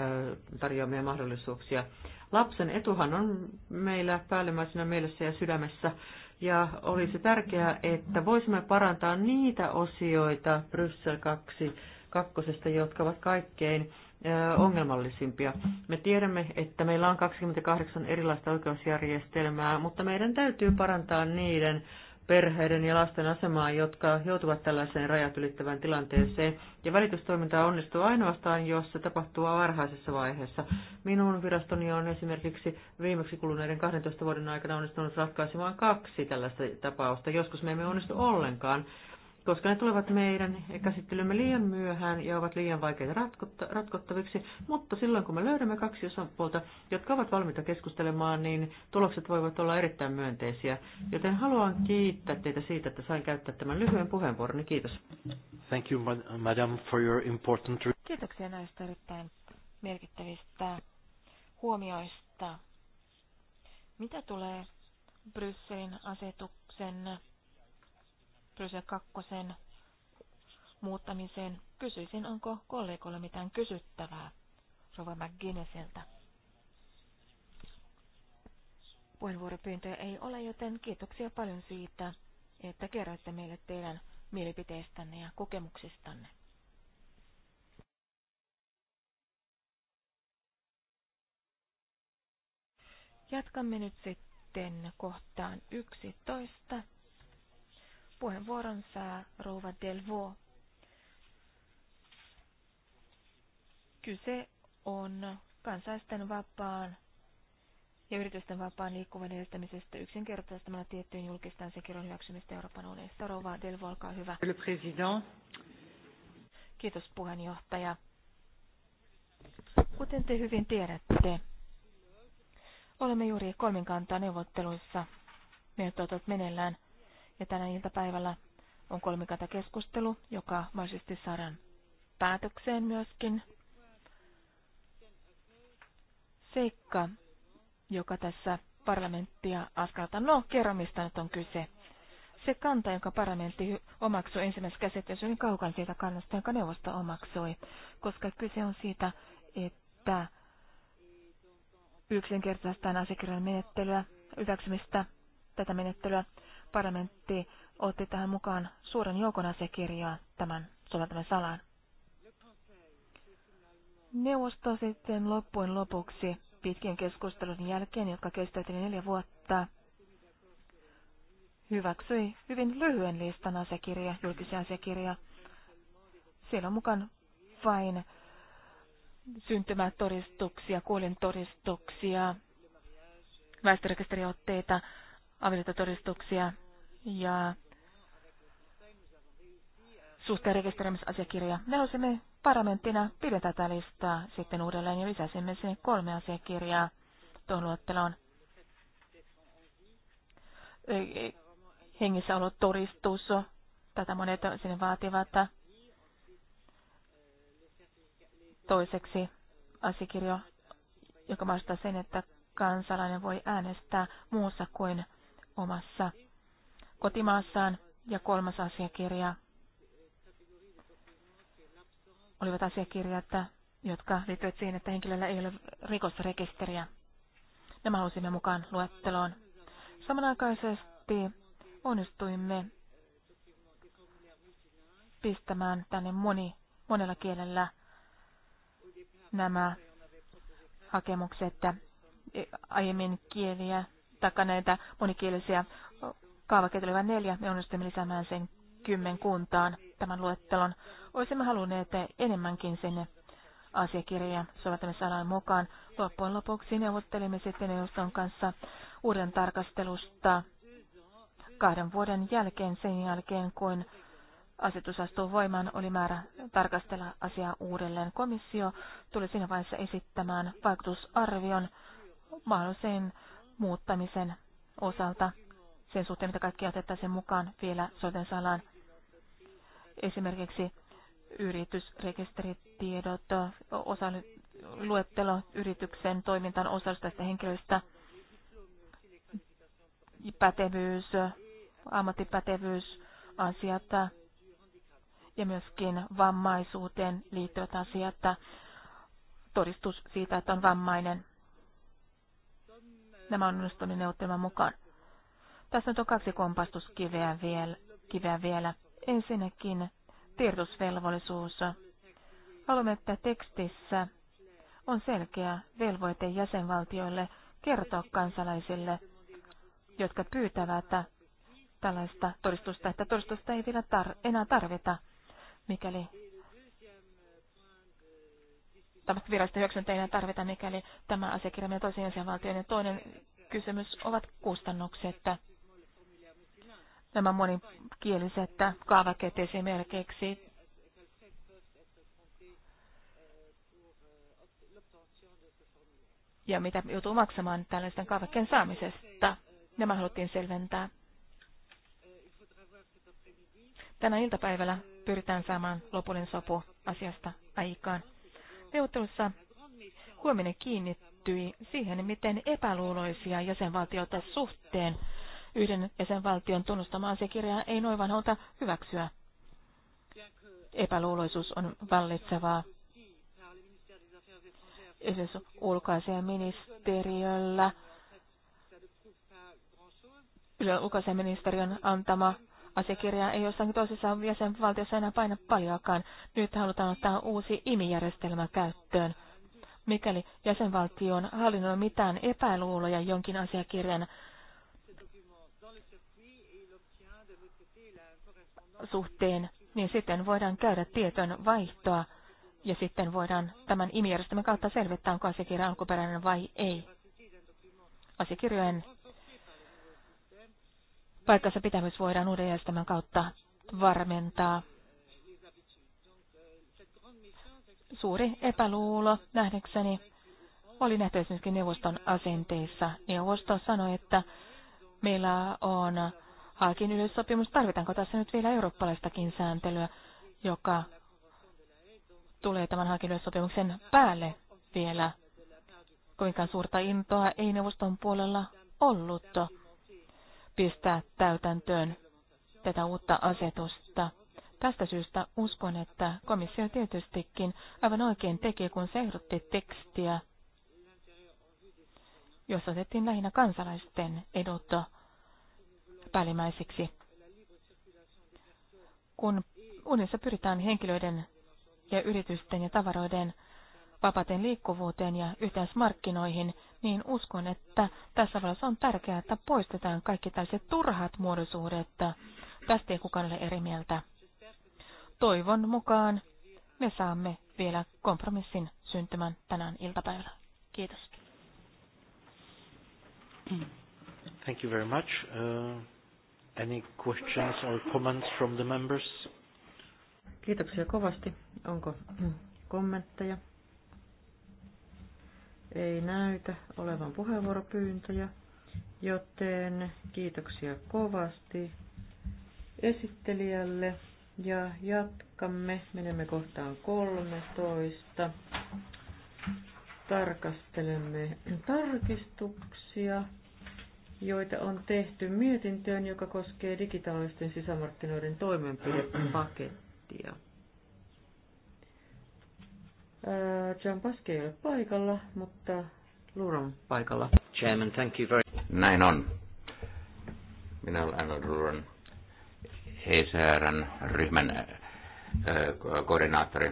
tarjoamia mahdollisuuksia. Lapsen etuhan on meillä päällimmäisenä mielessä ja sydämessä. Ja olisi tärkeää, että voisimme parantaa niitä osioita Bryssel 2, 2 jotka ovat kaikkein ongelmallisimpia. Me tiedämme, että meillä on 28 erilaista oikeusjärjestelmää, mutta meidän täytyy parantaa niiden perheiden ja lasten asemaa, jotka joutuvat tällaiseen rajat ylittävään tilanteeseen. Ja välitystoiminta onnistuu ainoastaan, jos se tapahtuu varhaisessa vaiheessa. Minun virastoni on esimerkiksi viimeksi kuluneiden 12 vuoden aikana onnistunut ratkaisemaan kaksi tällaista tapausta. Joskus me emme onnistu ollenkaan koska ne tulevat meidän käsittelymme liian myöhään ja ovat liian vaikeita ratkottaviksi, mutta silloin kun me löydämme kaksi osapuolta, jotka ovat valmiita keskustelemaan, niin tulokset voivat olla erittäin myönteisiä. Joten haluan kiittää teitä siitä, että sain käyttää tämän lyhyen puheenvuoroni. Kiitos. Thank you, madam, for your important... Kiitoksia näistä erittäin merkittävistä huomioista. Mitä tulee Brysselin asetuksen Bryssel kakkosen muuttamiseen. Kysyisin, onko kollegoilla mitään kysyttävää Rova McGinnisiltä. Puheenvuoropyyntöjä ei ole, joten kiitoksia paljon siitä, että kerroitte meille teidän mielipiteistänne ja kokemuksistanne. Jatkamme nyt sitten kohtaan 11 puheenvuoronsa Rouva Delvo. Kyse on kansaisten vapaan ja yritysten vapaan liikkuvan edistämisestä yksinkertaistamalla tiettyjen se sekirjon hyväksymistä Euroopan unionista. Rouva Delvo, olkaa hyvä. Kiitos puheenjohtaja. Kuten te hyvin tiedätte, olemme juuri kolminkantaa neuvotteluissa. Meiltä meneillään ja tänä iltapäivällä on kolmikata keskustelu, joka mahdollisesti saadaan päätökseen myöskin. Seikka, joka tässä parlamenttia askalta. No, kerro mistä nyt on kyse. Se kanta, jonka parlamentti omaksui ensimmäisessä käsittelyssä, niin kaukan siitä kannasta, jonka neuvosto omaksui, koska kyse on siitä, että yksinkertaistaan asiakirjan menettelyä, hyväksymistä tätä menettelyä parlamentti otti tähän mukaan suuren joukon asiakirjaa tämän salaan. Neuvosto sitten loppujen lopuksi pitkien keskustelun jälkeen, jotka kestivät neljä vuotta, hyväksyi hyvin lyhyen listan asiakirja, julkisia asiakirja. Siellä on mukaan vain syntymätodistuksia, kuolintodistuksia, väestörekisteriotteita, avioliittotodistuksia ja suhteen rekisteröimisasiakirja. Me halusimme parlamenttina pidetä tätä listaa sitten uudelleen ja lisäsimme sinne kolme asiakirjaa tuohon luetteloon. Hengissä ollut todistus, tätä monet sinne vaativat. Toiseksi asiakirja, joka mahdollistaa sen, että kansalainen voi äänestää muussa kuin omassa kotimaassaan ja kolmas asiakirja olivat asiakirjat, jotka liittyvät siihen, että henkilöllä ei ole rikosrekisteriä. Nämä halusimme mukaan luetteloon. Samanaikaisesti onnistuimme pistämään tänne moni, monella kielellä nämä hakemukset. Aiemmin kieliä taikka näitä monikielisiä kaavakkeita oli vain neljä. Me onnistuimme lisäämään sen kymmenkuntaan tämän luettelon. Olisimme halunneet enemmänkin sinne asiakirjoja soveltamisalan mukaan. Loppujen lopuksi neuvottelimme sitten neuvoston kanssa uuden tarkastelusta kahden vuoden jälkeen, sen jälkeen kun asetus astuu voimaan, oli määrä tarkastella asiaa uudelleen. Komissio tuli siinä vaiheessa esittämään vaikutusarvion mahdolliseen muuttamisen osalta sen suhteen, mitä kaikki otettaisiin mukaan vielä soitensalaan. Esimerkiksi yritysrekisteritiedot, osa, luettelo yrityksen toimintaan osallistuvista henkilöistä, pätevyys, ammattipätevyys, asiat ja myöskin vammaisuuteen liittyvät asiat, todistus siitä, että on vammainen Nämä on onnistunut neuvottelman mukaan. Tässä nyt on kaksi kompastuskiveä vielä. Kiveä vielä. Ensinnäkin tiedotusvelvollisuus. Haluamme, että tekstissä on selkeä velvoite jäsenvaltioille kertoa kansalaisille, jotka pyytävät tällaista todistusta, että todistusta ei vielä tar- enää tarvita, mikäli tämmöistä virallista hyväksyntää ei tarvita, mikäli tämä asiakirja menee toisen jäsenvaltioon. Ja toinen kysymys ovat kustannukset. Nämä monikieliset kaavakkeet esimerkiksi ja mitä joutuu maksamaan tällaisten kaavakkeen saamisesta. Nämä haluttiin selventää. Tänä iltapäivällä pyritään saamaan lopullinen sopu asiasta aikaan. Neuvottelussa huomenna kiinnittyi siihen, miten epäluuloisia jäsenvaltioita suhteen yhden jäsenvaltion tunnustamaan asiakirjaa ei noin vaan haluta hyväksyä. Epäluuloisuus on vallitsevaa. Esimerkiksi ulkoasiaministeriöllä ulkoasiaministeriön antama asiakirjaa ei jossain toisessa jäsenvaltiossa enää paina paljoakaan. Nyt halutaan ottaa uusi imijärjestelmä käyttöön. Mikäli jäsenvaltion hallinnolla mitään epäluuloja jonkin asiakirjan suhteen, niin sitten voidaan käydä tietön vaihtoa ja sitten voidaan tämän imijärjestelmän kautta selvittää, onko asiakirja alkuperäinen vai ei. Asiakirjojen paikkansa pitämys voidaan uuden järjestelmän kautta varmentaa. Suuri epäluulo nähdäkseni oli nähty esimerkiksi neuvoston asenteissa. Neuvosto sanoi, että meillä on Haakin yleissopimus. Tarvitaanko tässä nyt vielä eurooppalaistakin sääntelyä, joka tulee tämän Haakin yleissopimuksen päälle vielä? Kuinka suurta intoa ei neuvoston puolella ollut pistää täytäntöön tätä uutta asetusta. Tästä syystä uskon, että komissio tietystikin aivan oikein teki, kun se ehdotti tekstiä, jossa otettiin lähinnä kansalaisten edut päällimmäiseksi. Kun unissa pyritään henkilöiden ja yritysten ja tavaroiden vapaten liikkuvuuteen ja yhteismarkkinoihin, niin uskon, että tässä vaiheessa on tärkeää, että poistetaan kaikki tällaiset turhat muodollisuudet. Tästä ei kukaan ole eri mieltä. Toivon mukaan me saamme vielä kompromissin syntymän tänään iltapäivällä. Kiitos. Thank you very much. Uh, any questions or comments from the members? Kiitoksia kovasti. Onko kommentteja? Ei näytä olevan puheenvuoropyyntöjä, joten kiitoksia kovasti esittelijälle ja jatkamme. Menemme kohtaan 13. Tarkastelemme tarkistuksia, joita on tehty mietintöön, joka koskee digitaalisten sisämarkkinoiden toimenpidepakettia. Äh, John Paske ei ole paikalla, mutta on paikalla. Chairman, thank you very Näin on. Minä olen Arnold Luron ECRn ryhmän äh, koordinaattori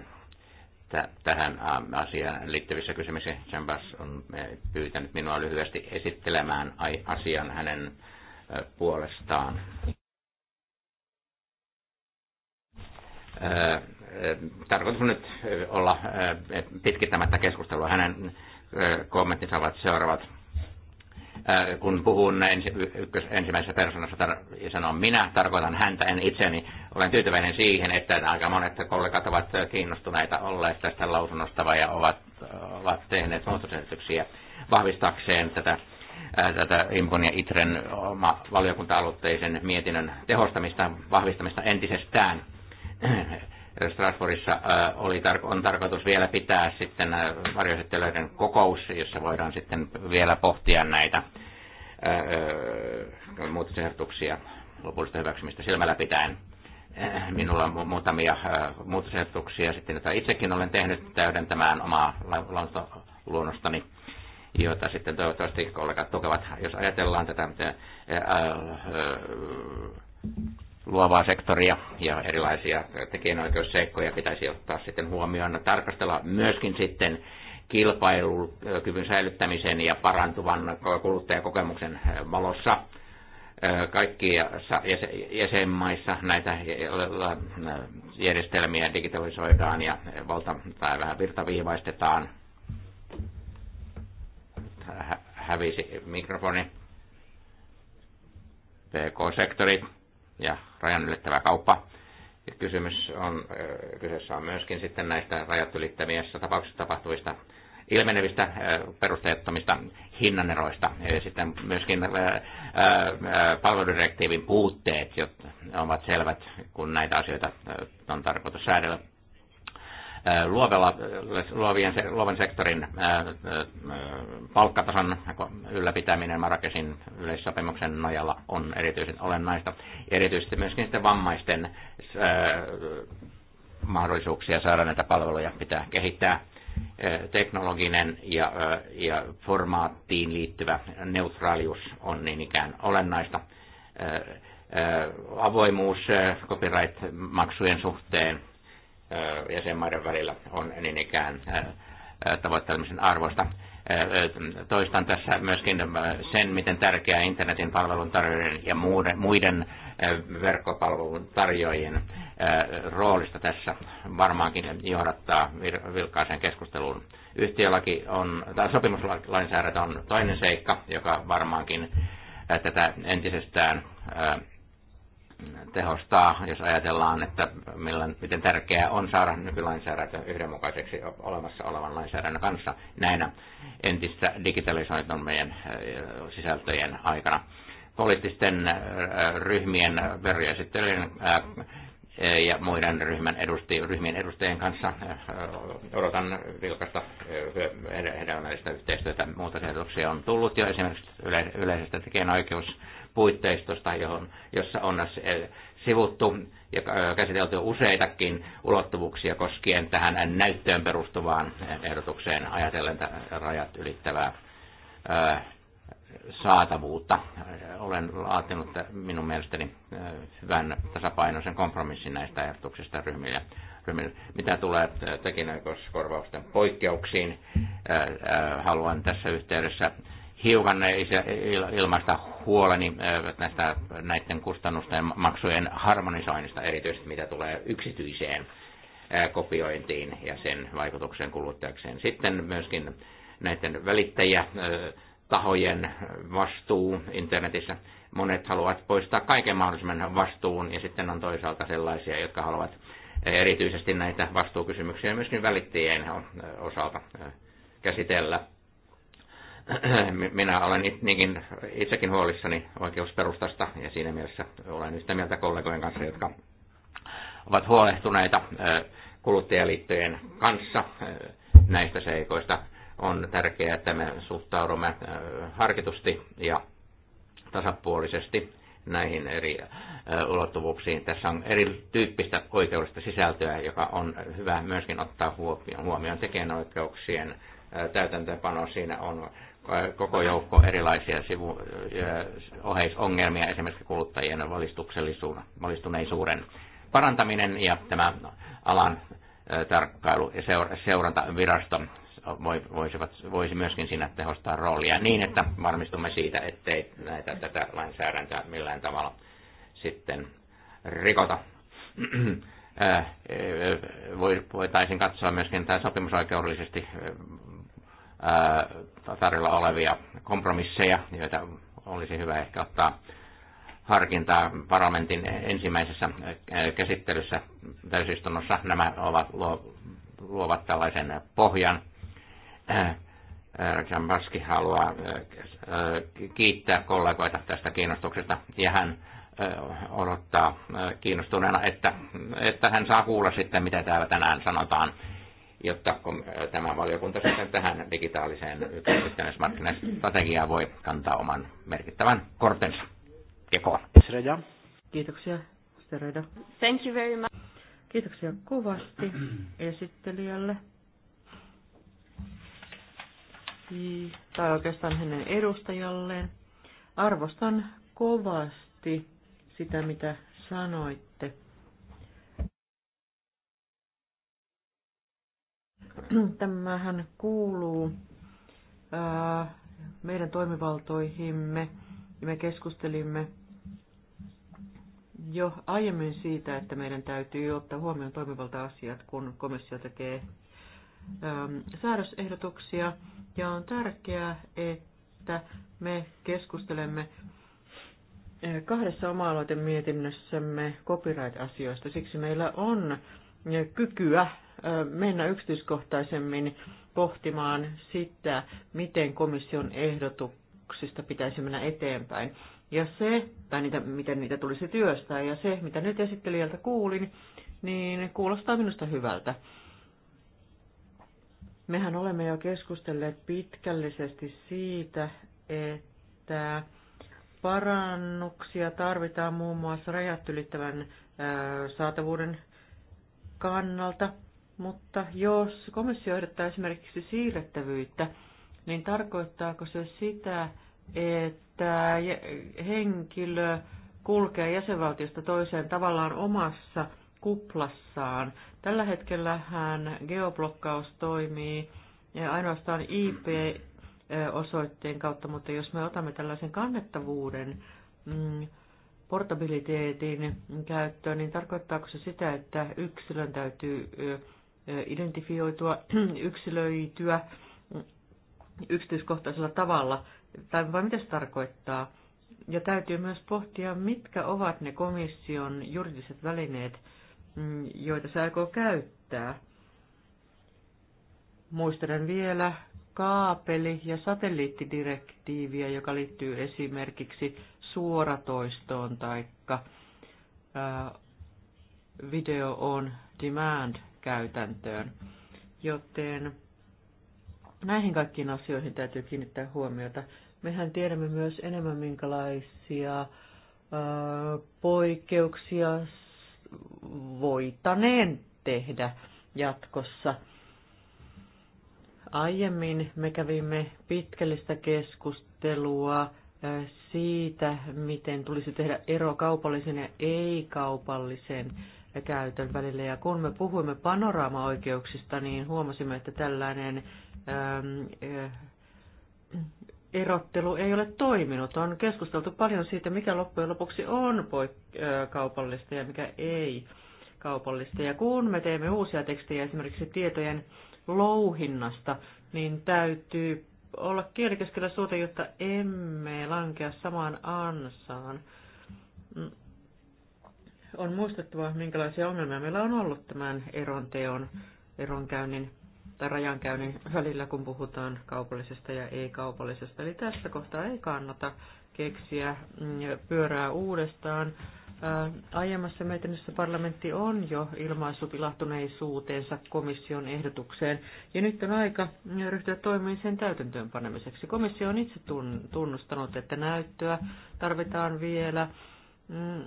tähän asiaan liittyvissä kysymyksissä. Chambers on äh, pyytänyt minua lyhyesti esittelemään asian hänen puolestaan tarkoitus on nyt olla pitkittämättä keskustelua. Hänen kommenttinsa ovat seuraavat. Kun puhun ykkös, ensimmäisessä persoonassa ja sanon minä, tarkoitan häntä, en itseni. Olen tyytyväinen siihen, että aika monet kollegat ovat kiinnostuneita olleet tästä lausunnosta ja ovat, ovat tehneet muutosesityksiä vahvistakseen tätä tätä Imponia Itren oma valiokunta-aloitteisen mietinnön tehostamista, vahvistamista entisestään Strasbourgissa äh, oli, on tarkoitus vielä pitää sitten äh, varjoesittelyiden kokous, jossa voidaan sitten vielä pohtia näitä äh, muutosehdotuksia lopullista hyväksymistä silmällä pitäen. Minulla on muutamia muutosehdotuksia sitten, joita itsekin olen tehnyt täydentämään omaa luonnostani jota sitten toivottavasti kollegat tukevat. Jos ajatellaan tätä luovaa sektoria ja erilaisia tekijänoikeusseikkoja pitäisi ottaa sitten huomioon. Tarkastella myöskin sitten kilpailukyvyn säilyttämisen ja parantuvan kuluttajakokemuksen valossa kaikkia jäsenmaissa näitä järjestelmiä digitalisoidaan ja valta tai vähän virtaviivaistetaan. Hävisi mikrofoni. PK-sektori ja rajan ylittävä kauppa. Ja kysymys on, kyseessä on myöskin sitten näistä rajat ylittävissä tapauksissa tapahtuvista ilmenevistä perusteettomista hinnaneroista. Ja sitten myöskin palveludirektiivin puutteet jotka ovat selvät, kun näitä asioita on tarkoitus säädellä luovella, luovien, luovan sektorin palkkatason ylläpitäminen Marrakesin yleissopimuksen nojalla on erityisen olennaista. Erityisesti myöskin sitten vammaisten mahdollisuuksia saada näitä palveluja pitää kehittää teknologinen ja, ja formaattiin liittyvä neutraalius on niin ikään olennaista. Avoimuus copyright-maksujen suhteen jäsenmaiden välillä on niin ikään tavoittelemisen arvosta. Toistan tässä myöskin sen, miten tärkeää internetin palveluntarjoajien ja muiden verkkopalvelun tarjoajien roolista tässä varmaankin johdattaa vilkkaaseen keskusteluun. Yhtiölaki on, tai sopimuslainsäädäntö on toinen seikka, joka varmaankin tätä entisestään tehostaa, jos ajatellaan, että millä, miten tärkeää on saada nykylainsäädäntö yhdenmukaiseksi olemassa olevan lainsäädännön kanssa näinä entistä digitalisoitun meidän sisältöjen aikana. Poliittisten ryhmien verjoesittelyjen ja muiden ryhmän edusti, ryhmien edustajien kanssa odotan vilkasta hedelmällistä yhteistyötä. Muuta on tullut jo esimerkiksi yleisestä tekijänoikeus puitteistosta, johon, jossa on sivuttu ja käsitelty useitakin ulottuvuuksia koskien tähän näyttöön perustuvaan ehdotukseen ajatellen rajat ylittävää saatavuutta. Olen laatinut minun mielestäni hyvän tasapainoisen kompromissin näistä ehdotuksista ryhmille. Mitä tulee tekijänoikeuskorvausten poikkeuksiin, haluan tässä yhteydessä hiukan ilmaista huoleni näistä näiden kustannusten maksujen harmonisoinnista, erityisesti mitä tulee yksityiseen kopiointiin ja sen vaikutuksen kuluttajakseen. Sitten myöskin näiden välittäjä tahojen vastuu internetissä. Monet haluavat poistaa kaiken mahdollisimman vastuun ja sitten on toisaalta sellaisia, jotka haluavat erityisesti näitä vastuukysymyksiä myöskin välittäjien osalta käsitellä minä olen niinkin itsekin huolissani oikeusperustasta ja siinä mielessä olen yhtä mieltä kollegojen kanssa, jotka ovat huolehtuneita kuluttajaliittojen kanssa näistä seikoista. On tärkeää, että me suhtaudumme harkitusti ja tasapuolisesti näihin eri ulottuvuuksiin. Tässä on erityyppistä oikeudellista sisältöä, joka on hyvä myöskin ottaa huomioon tekijänoikeuksien täytäntöönpano. Siinä on Äh, koko joukko erilaisia sivu, äh, oheisongelmia, esimerkiksi kuluttajien valistuneisuuden parantaminen ja tämä alan äh, tarkkailu- ja seurantavirasto voisivat, voisi myöskin siinä tehostaa roolia niin, että varmistumme siitä, ettei näitä, tätä lainsäädäntöä millään tavalla sitten rikota. Voitaisiin katsoa myöskin tämä sopimusoikeudellisesti tarjolla olevia kompromisseja, joita olisi hyvä ehkä ottaa harkintaa parlamentin ensimmäisessä käsittelyssä täysistunnossa. Nämä ovat, luovat tällaisen pohjan. Baski haluaa kiittää kollegoita tästä kiinnostuksesta ja hän odottaa kiinnostuneena, että, että hän saa kuulla sitten, mitä täällä tänään sanotaan jotta tämä valiokunta sitten tähän digitaaliseen yhtenäismarkkinastrategiaan voi kantaa oman merkittävän kortensa kekoon. Kiitoksia, Sereda. Thank you very much. Kiitoksia kovasti (clears throat) esittelijälle. Tai oikeastaan hänen edustajalleen. Arvostan kovasti sitä, mitä sanoitte. (clears throat) Tämähän kuuluu äh, meidän toimivaltoihimme ja me keskustelimme jo aiemmin siitä, että meidän täytyy ottaa huomioon toimivalta-asiat, kun komissio tekee ähm, säädösehdotuksia. Ja on tärkeää, että me keskustelemme äh, kahdessa oma-aloitemietinnössämme copyright-asioista. Siksi meillä on kykyä mennä yksityiskohtaisemmin pohtimaan sitä, miten komission ehdotuksista pitäisi mennä eteenpäin. Ja se, tai niitä, miten niitä tulisi työstää, ja se, mitä nyt esittelijältä kuulin, niin kuulostaa minusta hyvältä. Mehän olemme jo keskustelleet pitkällisesti siitä, että parannuksia tarvitaan muun muassa rajat ylittävän saatavuuden kannalta, mutta jos komissio ehdottaa esimerkiksi siirrettävyyttä, niin tarkoittaako se sitä, että henkilö kulkee jäsenvaltiosta toiseen tavallaan omassa kuplassaan. Tällä hetkellä hän geoblokkaus toimii ainoastaan IP-osoitteen kautta, mutta jos me otamme tällaisen kannettavuuden mm, portabiliteetin käyttöön, niin tarkoittaako se sitä, että yksilön täytyy identifioitua, (clears throat) yksilöityä mm, yksityiskohtaisella tavalla, tai vai mitä se tarkoittaa? Ja täytyy myös pohtia, mitkä ovat ne komission juridiset välineet, mm, joita se aikoo käyttää. Muistelen vielä kaapeli- ja satelliittidirektiiviä, joka liittyy esimerkiksi suoratoistoon tai video on demand-käytäntöön. Joten näihin kaikkiin asioihin täytyy kiinnittää huomiota. Mehän tiedämme myös enemmän, minkälaisia poikkeuksia voitaneen tehdä jatkossa. Aiemmin me kävimme pitkällistä keskustelua siitä, miten tulisi tehdä ero kaupallisen ja ei-kaupallisen käytön välillä. Ja kun me puhuimme panoraamaoikeuksista, niin huomasimme, että tällainen ähm, äh, erottelu ei ole toiminut. On keskusteltu paljon siitä, mikä loppujen lopuksi on äh, kaupallista ja mikä ei kaupallista. Ja kun me teemme uusia tekstejä esimerkiksi tietojen louhinnasta, niin täytyy olla kieli keskellä suuta, jotta emme lankea samaan ansaan. On muistettava, minkälaisia ongelmia meillä on ollut tämän eron eron eronkäynnin tai rajankäynnin välillä, kun puhutaan kaupallisesta ja ei-kaupallisesta. Eli tässä kohtaa ei kannata keksiä mm, pyörää uudestaan Aiemmassa mietinnössä parlamentti on jo ilmaissut ilahtuneisuuteensa komission ehdotukseen, ja nyt on aika ryhtyä toimiin sen täytäntöönpanemiseksi. Komissio on itse tunnustanut, että näyttöä tarvitaan vielä mm,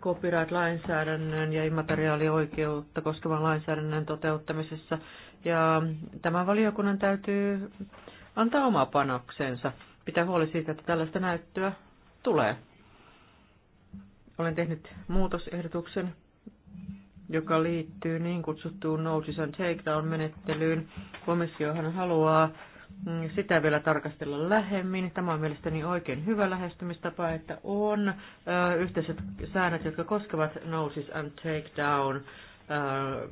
copyright-lainsäädännön ja immateriaalioikeutta koskevan lainsäädännön toteuttamisessa, ja tämän valiokunnan täytyy antaa oma panoksensa, pitää huoli siitä, että tällaista näyttöä tulee. Olen tehnyt muutosehdotuksen, joka liittyy niin kutsuttuun notice and takedown-menettelyyn. Komissiohan haluaa mm, sitä vielä tarkastella lähemmin. Tämä on mielestäni oikein hyvä lähestymistapa, että on yhteiset säännöt, jotka koskevat notice and takedown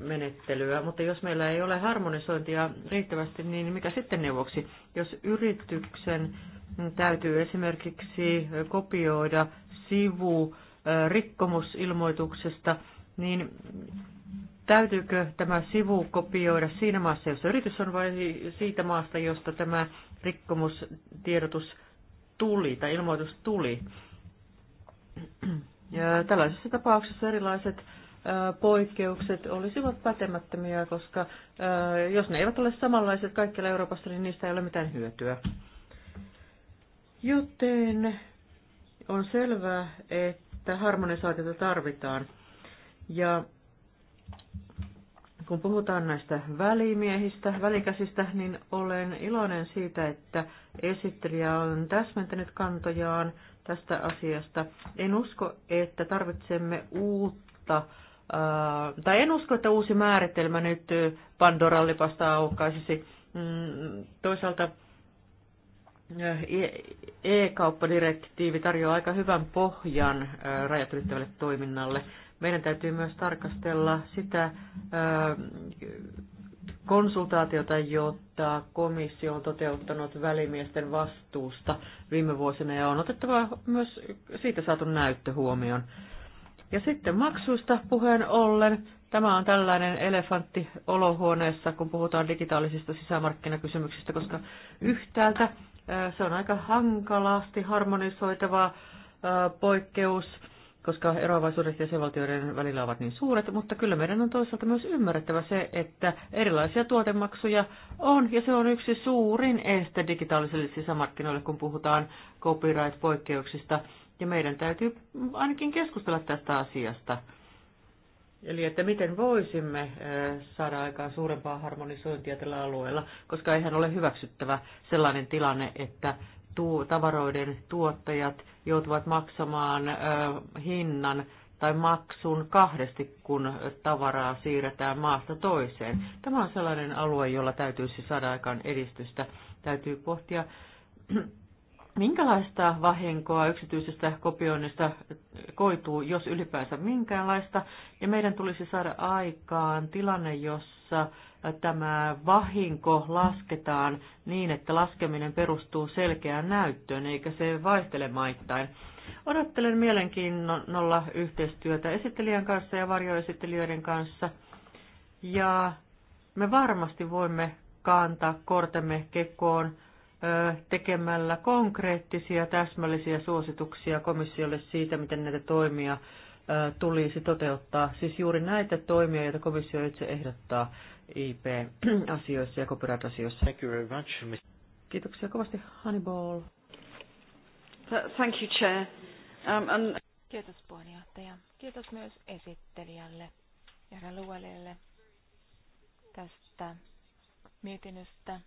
menettelyä, mutta jos meillä ei ole harmonisointia riittävästi, niin mikä sitten neuvoksi? Jos yrityksen mm, täytyy esimerkiksi kopioida sivu, rikkomusilmoituksesta, niin täytyykö tämä sivu kopioida siinä maassa, jossa yritys on, vai siitä maasta, josta tämä rikkomustiedotus tuli tai ilmoitus tuli? Ja tällaisessa tapauksessa erilaiset poikkeukset olisivat pätemättömiä, koska jos ne eivät ole samanlaiset kaikkialla Euroopassa, niin niistä ei ole mitään hyötyä. Joten on selvää, että sitä harmonisaatiota tarvitaan. Ja kun puhutaan näistä välimiehistä, välikäsistä, niin olen iloinen siitä, että esittelijä on täsmentänyt kantojaan tästä asiasta. En usko, että tarvitsemme uutta, tai en usko, että uusi määritelmä nyt Pandoran lipasta aukaisisi. Mm, toisaalta E- e-kauppadirektiivi tarjoaa aika hyvän pohjan rajat ylittävälle toiminnalle. Meidän täytyy myös tarkastella sitä konsultaatiota, jota komissio on toteuttanut välimiesten vastuusta viime vuosina ja on otettava myös siitä saatu näyttö huomioon. Ja sitten maksuista puheen ollen. Tämä on tällainen elefantti olohuoneessa, kun puhutaan digitaalisista sisämarkkinakysymyksistä, koska yhtäältä se on aika hankalasti harmonisoitava poikkeus, koska eroavaisuudet jäsenvaltioiden välillä ovat niin suuret, mutta kyllä meidän on toisaalta myös ymmärrettävä se, että erilaisia tuotemaksuja on, ja se on yksi suurin este digitaalisille sisämarkkinoille, kun puhutaan copyright-poikkeuksista, ja meidän täytyy ainakin keskustella tästä asiasta. Eli että miten voisimme saada aikaan suurempaa harmonisointia tällä alueella, koska eihän ole hyväksyttävä sellainen tilanne, että tavaroiden tuottajat joutuvat maksamaan hinnan tai maksun kahdesti, kun tavaraa siirretään maasta toiseen. Tämä on sellainen alue, jolla täytyisi saada aikaan edistystä. Täytyy pohtia minkälaista vahinkoa yksityisestä kopioinnista koituu, jos ylipäänsä minkäänlaista, ja meidän tulisi saada aikaan tilanne, jossa tämä vahinko lasketaan niin, että laskeminen perustuu selkeään näyttöön, eikä se vaihtele maittain. Odottelen mielenkiinnolla yhteistyötä esittelijän kanssa ja varjoesittelijöiden kanssa, ja me varmasti voimme kantaa kortemme kekoon tekemällä konkreettisia täsmällisiä suosituksia komissiolle siitä, miten näitä toimia tulisi toteuttaa. Siis juuri näitä toimia, joita komissio itse ehdottaa IP-asioissa (clears throat) ja copyright-asioissa. Kiitoksia kovasti, Hannibal. Thank you, Chair. Um, and... Kiitos puheenjohtaja. Kiitos myös esittelijälle ja Luelille tästä mietinnöstä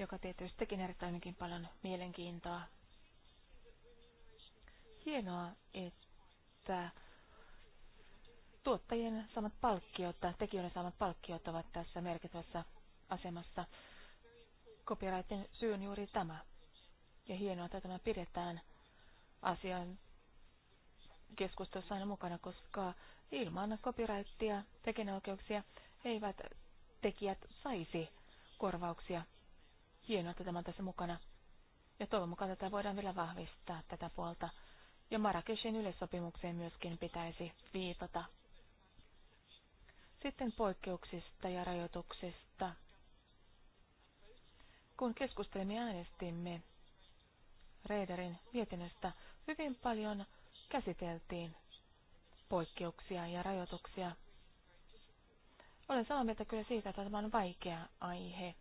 joka tietystikin herättää paljon mielenkiintoa. Hienoa, että tuottajien samat palkkiot, tekijöiden samat palkkiot ovat tässä merkittävässä asemassa. Copyrightin syy on juuri tämä. Ja hienoa, että tämä pidetään asian keskustelussa aina mukana, koska ilman copyrightia, tekijänoikeuksia eivät tekijät saisi korvauksia Hienoa, että tämä on tässä mukana. Ja toivon mukaan tätä voidaan vielä vahvistaa tätä puolta. Ja Marrakeshin yleissopimukseen myöskin pitäisi viitata. Sitten poikkeuksista ja rajoituksista. Kun keskustelimme äänestimme Reiderin mietinnöstä, hyvin paljon käsiteltiin poikkeuksia ja rajoituksia. Olen samaa mieltä kyllä siitä, että tämä on vaikea aihe.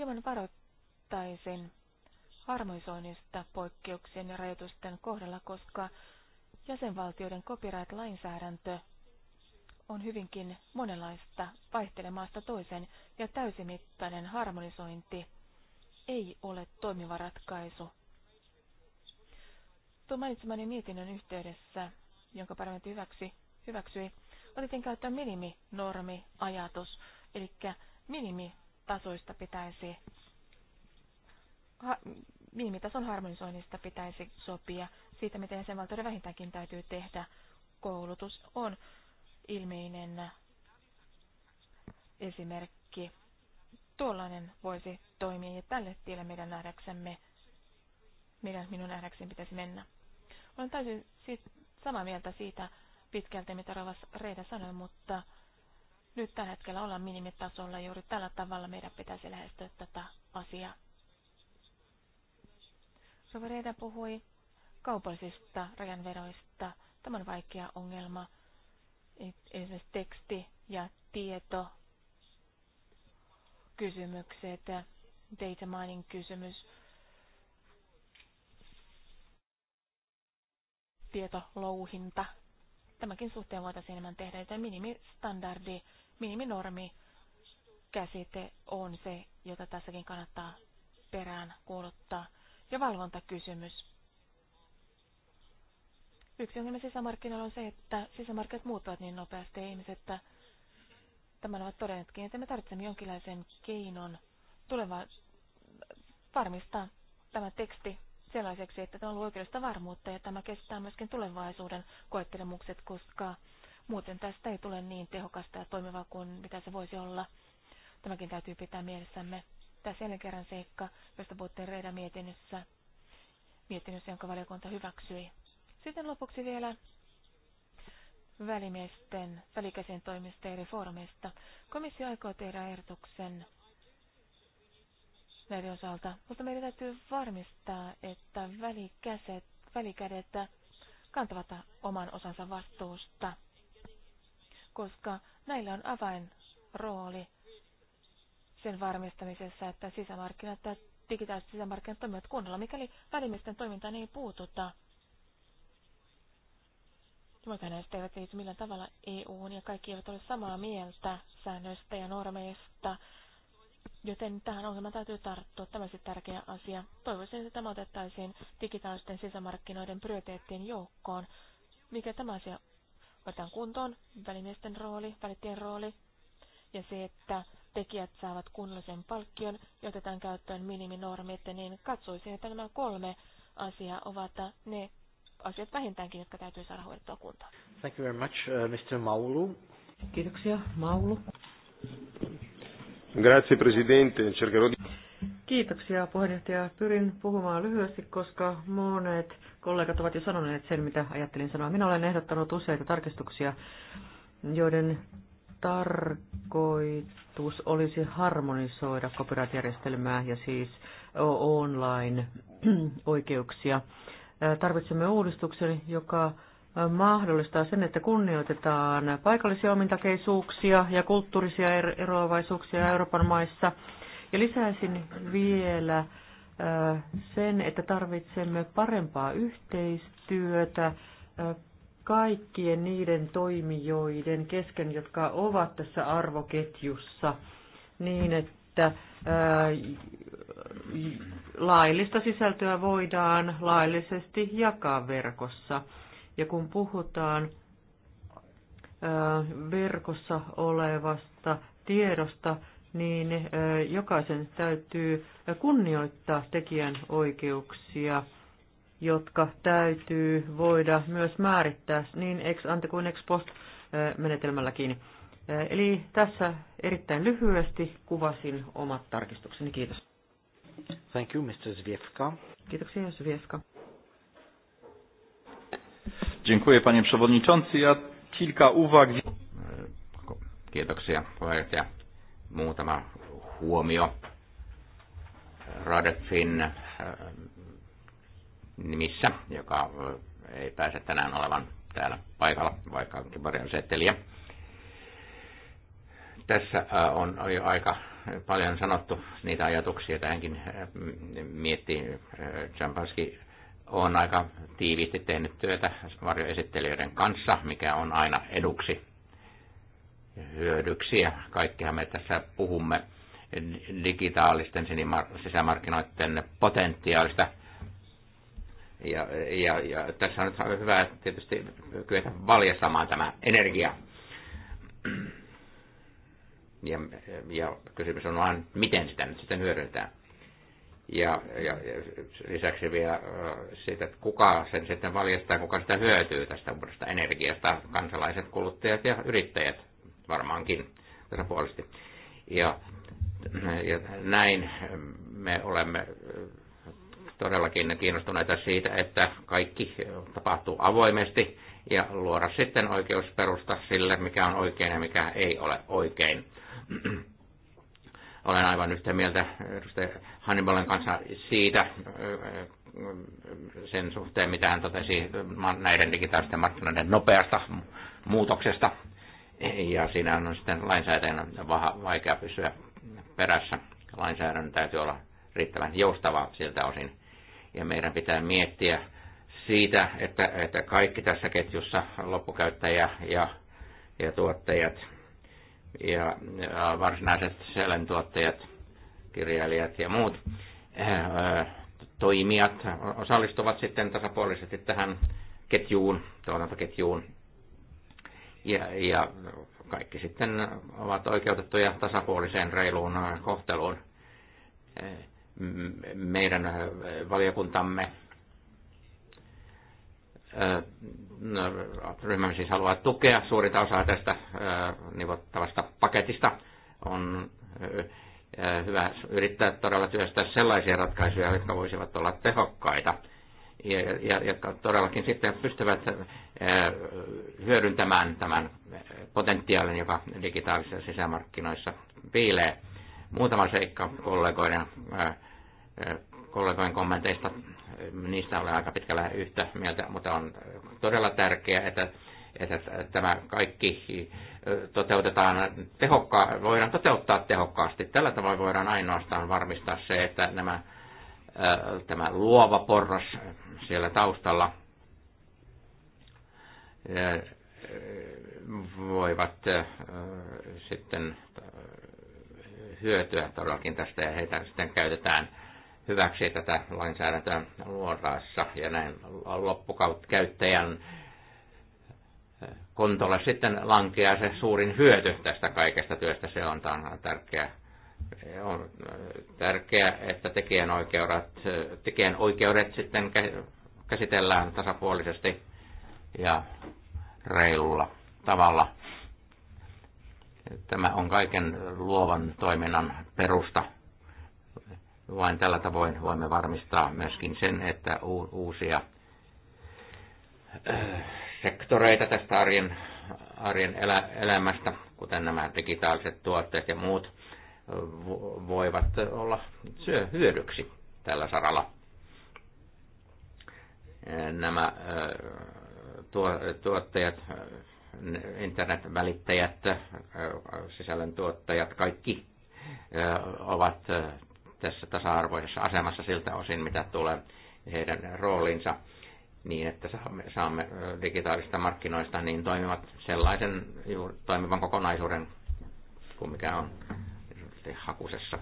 hieman varoittaisin harmonisoinnista poikkeuksien ja rajoitusten kohdalla, koska jäsenvaltioiden copyright-lainsäädäntö on hyvinkin monenlaista vaihtelemaasta toisen ja täysimittainen harmonisointi ei ole toimiva ratkaisu. Tuo mainitsemani mietinnön yhteydessä, jonka parlamentti hyväksyi, hyväksyi otettiin käyttöön miniminormi-ajatus, eli minimi tasoista pitäisi, ha, minimitason harmonisoinnista pitäisi sopia, siitä miten jäsenvaltioiden vähintäänkin täytyy tehdä. Koulutus on ilmeinen esimerkki. Tuollainen voisi toimia ja tälle tielle meidän nähdäksemme, meidän minun nähdäkseni pitäisi mennä. Olen täysin siis samaa mieltä siitä pitkälti, mitä Ravas Reida sanoi, mutta nyt tällä hetkellä ollaan minimitasolla. Juuri tällä tavalla meidän pitäisi lähestyä tätä asiaa. Sovereita puhui kaupallisista rajanveroista. Tämä on vaikea ongelma. Esimerkiksi teksti ja tieto kysymykset, data mining kysymys, tietolouhinta Tämäkin suhteen voitaisiin enemmän tehdä, että minimistandardi, miniminormi käsite on se, jota tässäkin kannattaa perään kuuluttaa. Ja valvontakysymys. Yksi ongelma sisämarkkinoilla on se, että sisämarkkinat muuttuvat niin nopeasti ihmiset, että tämän ovat todennetkin, että me tarvitsemme jonkinlaisen keinon tulevaa varmistaa tämä teksti sellaiseksi, että tämä on oikeudesta varmuutta ja tämä kestää myöskin tulevaisuuden koettelemukset, koska muuten tästä ei tule niin tehokasta ja toimivaa kuin mitä se voisi olla. Tämäkin täytyy pitää mielessämme. Tässä jälleen kerran seikka, josta puhuttiin Reida mietinnössä, mietinnössä, jonka valiokunta hyväksyi. Sitten lopuksi vielä välimiesten, välikäsien toimista eri foorumeista. Komissio aikoo tehdä ehdotuksen näiden osalta, mutta meidän täytyy varmistaa, että välikäset, välikädet kantavat oman osansa vastuusta, koska näillä on avainrooli sen varmistamisessa, että sisämarkkinat ja digitaaliset sisämarkkinat toimivat kunnolla, mikäli välimisten toimintaan ei puututa. Muuthan näistä eivät liity millään tavalla EUn ja kaikki eivät ole samaa mieltä säännöistä ja normeista Joten tähän ohjelmaan täytyy tarttua. Tämä tärkeä asia. Toivoisin, että tämä otettaisiin digitaalisten sisämarkkinoiden prioriteettien joukkoon. Mikä tämä asia otetaan kuntoon? Välimiesten rooli, välittien rooli ja se, että tekijät saavat kunnollisen palkkion ja otetaan käyttöön miniminormit, niin katsoisin, että nämä kolme asiaa ovat ne asiat vähintäänkin, jotka täytyy saada hoidettua kuntoon. Thank you very much, uh, Mr. Maulu. Kiitoksia, Maulu. Grazie Presidente, cercherò di... Kiitoksia puheenjohtaja. Pyrin puhumaan lyhyesti, koska monet kollegat ovat jo sanoneet sen, mitä ajattelin sanoa. Minä olen ehdottanut useita tarkistuksia, joiden tarkoitus olisi harmonisoida copyright-järjestelmää ja siis online-oikeuksia. Tarvitsemme uudistuksen, joka mahdollistaa sen, että kunnioitetaan paikallisia omintakeisuuksia ja kulttuurisia er- eroavaisuuksia Euroopan maissa. Ja lisäisin vielä äh, sen, että tarvitsemme parempaa yhteistyötä äh, kaikkien niiden toimijoiden kesken, jotka ovat tässä arvoketjussa, niin että äh, laillista sisältöä voidaan laillisesti jakaa verkossa. Ja kun puhutaan verkossa olevasta tiedosta, niin jokaisen täytyy kunnioittaa tekijän oikeuksia, jotka täytyy voida myös määrittää niin ex ante kuin ex post menetelmälläkin. Eli tässä erittäin lyhyesti kuvasin omat tarkistukseni. Kiitos. Thank you, Mr. Zviefka. Kiitoksia, Mr. Dziękuję panie przewodniczący. Ja kilka uwag. Kiitoksia puheenjohtaja. Muutama huomio. Radefin äh, nimissä, joka äh, ei pääse tänään olevan täällä paikalla, vaikka onkin paljon seteliä. Tässä äh, on jo aika paljon sanottu niitä ajatuksia, Tähänkin hänkin miettii Jampanski on aika tiiviisti tehnyt työtä varjoesittelijöiden kanssa, mikä on aina eduksi ja hyödyksi. Ja kaikkihan me tässä puhumme digitaalisten sisämarkkinoiden potentiaalista. Ja, ja, ja tässä on nyt hyvä tietysti kyetä valjastamaan tämä energia. Ja, ja kysymys on vain, miten sitä nyt sitten hyödyntää ja, ja, ja lisäksi vielä äh, siitä, että kuka sen sitten valjastaa, kuka sitä hyötyy tästä uudesta energiasta, kansalaiset, kuluttajat ja yrittäjät varmaankin tasapuolisesti. Ja, ja näin me olemme äh, todellakin kiinnostuneita siitä, että kaikki tapahtuu avoimesti ja luoda sitten oikeusperusta sille, mikä on oikein ja mikä ei ole oikein. Olen aivan yhtä mieltä edustaja Hannibalin kanssa siitä sen suhteen, mitä hän totesi näiden digitaalisten markkinoiden nopeasta muutoksesta. Ja siinä on sitten lainsäätäjänä vaikea pysyä perässä. Lainsäädännön täytyy olla riittävän joustavaa siltä osin. Ja meidän pitää miettiä siitä, että, että kaikki tässä ketjussa, loppukäyttäjä ja, ja tuottajat – ja varsinaiset selentuottajat, kirjailijat ja muut äh, toimijat osallistuvat sitten tasapuolisesti tähän ketjuun, tuotantoketjuun. Ja, ja kaikki sitten ovat oikeutettuja tasapuoliseen reiluun kohteluun. Äh, meidän valiokuntamme No, ryhmämme siis haluaa tukea suurita osaa tästä nivottavasta paketista. On hyvä yrittää todella työstää sellaisia ratkaisuja, jotka voisivat olla tehokkaita ja jotka todellakin sitten pystyvät hyödyntämään tämän potentiaalin, joka digitaalisissa sisämarkkinoissa piilee. Muutama seikka kollegoiden kollegojen kommenteista. Niistä olen aika pitkällä yhtä mieltä, mutta on todella tärkeää, että, että tämä kaikki toteutetaan tehokka- voidaan toteuttaa tehokkaasti. Tällä tavoin voidaan ainoastaan varmistaa se, että nämä, tämä luova porras siellä taustalla voivat sitten hyötyä todellakin tästä ja heitä sitten käytetään hyväksi tätä lainsäädäntöä luotaessa ja näin loppukäyttäjän eh, kontolle sitten lankeaa se suurin hyöty tästä kaikesta työstä. Se on, tärkeää tärkeä eh, on eh, tärkeää, että tekijänoikeudet, tekijänoikeudet sitten käsitellään tasapuolisesti ja reilulla tavalla. Tämä on kaiken luovan toiminnan perusta vain tällä tavoin voimme varmistaa myöskin sen, että uusia äh, sektoreita tästä arjen, arjen elä, elämästä, kuten nämä digitaaliset tuotteet ja muut, voivat olla hyödyksi tällä saralla. Äh, nämä äh, tuottajat, internetvälittäjät, sisällöntuottajat, kaikki ovat tässä tasa-arvoisessa asemassa siltä osin, mitä tulee heidän roolinsa, niin että saamme, saamme digitaalista markkinoista niin toimivat sellaisen juuri, toimivan kokonaisuuden kuin mikä on hakusessa.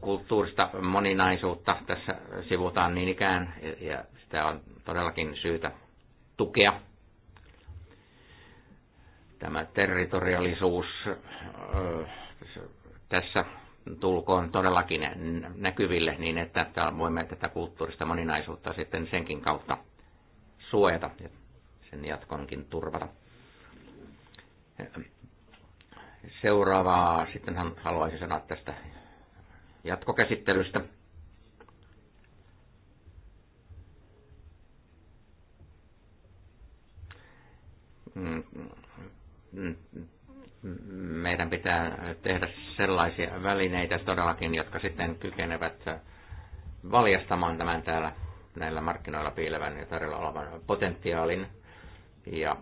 Kulttuurista moninaisuutta tässä sivutaan niin ikään, ja sitä on todellakin syytä tukea tämä territorialisuus tässä tulkoon todellakin näkyville niin, että voimme tätä kulttuurista moninaisuutta sitten senkin kautta suojata ja sen jatkonkin turvata. Seuraavaa sitten haluaisin sanoa tästä jatkokäsittelystä. Mm, mm, meidän pitää tehdä sellaisia välineitä todellakin, jotka sitten kykenevät valjastamaan tämän täällä näillä markkinoilla piilevän ja tarjolla olevan potentiaalin ja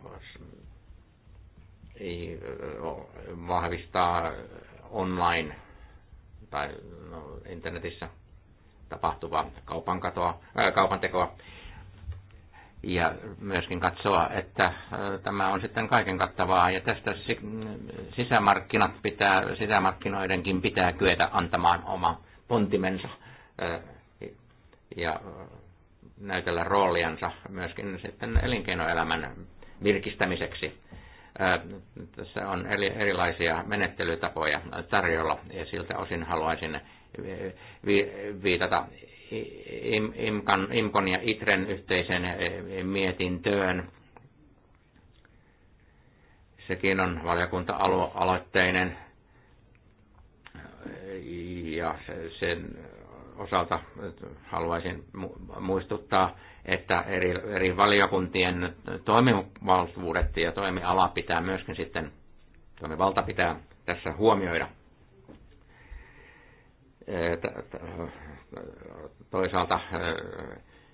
vahvistaa online tai no, internetissä tapahtuvaa kaupan, katoa, ää, äh, kaupan tekoa ja myöskin katsoa, että äh, tämä on sitten kaiken kattavaa ja tästä sisämarkkinat pitää, sisämarkkinoidenkin pitää kyetä antamaan oma pontimensa äh, ja äh, näytellä rooliansa myöskin sitten elinkeinoelämän virkistämiseksi. Tässä on erilaisia menettelytapoja tarjolla ja siltä osin haluaisin viitata IMKAN, IMKON ja ITREN yhteisen eh, mietintöön. Sekin on valiokunta-aloitteinen ja sen osalta eh, haluaisin muistuttaa, että eri, eri valiokuntien toimivaltuudet ja toimiala pitää myöskin sitten, toimivalta pitää tässä huomioida – toisaalta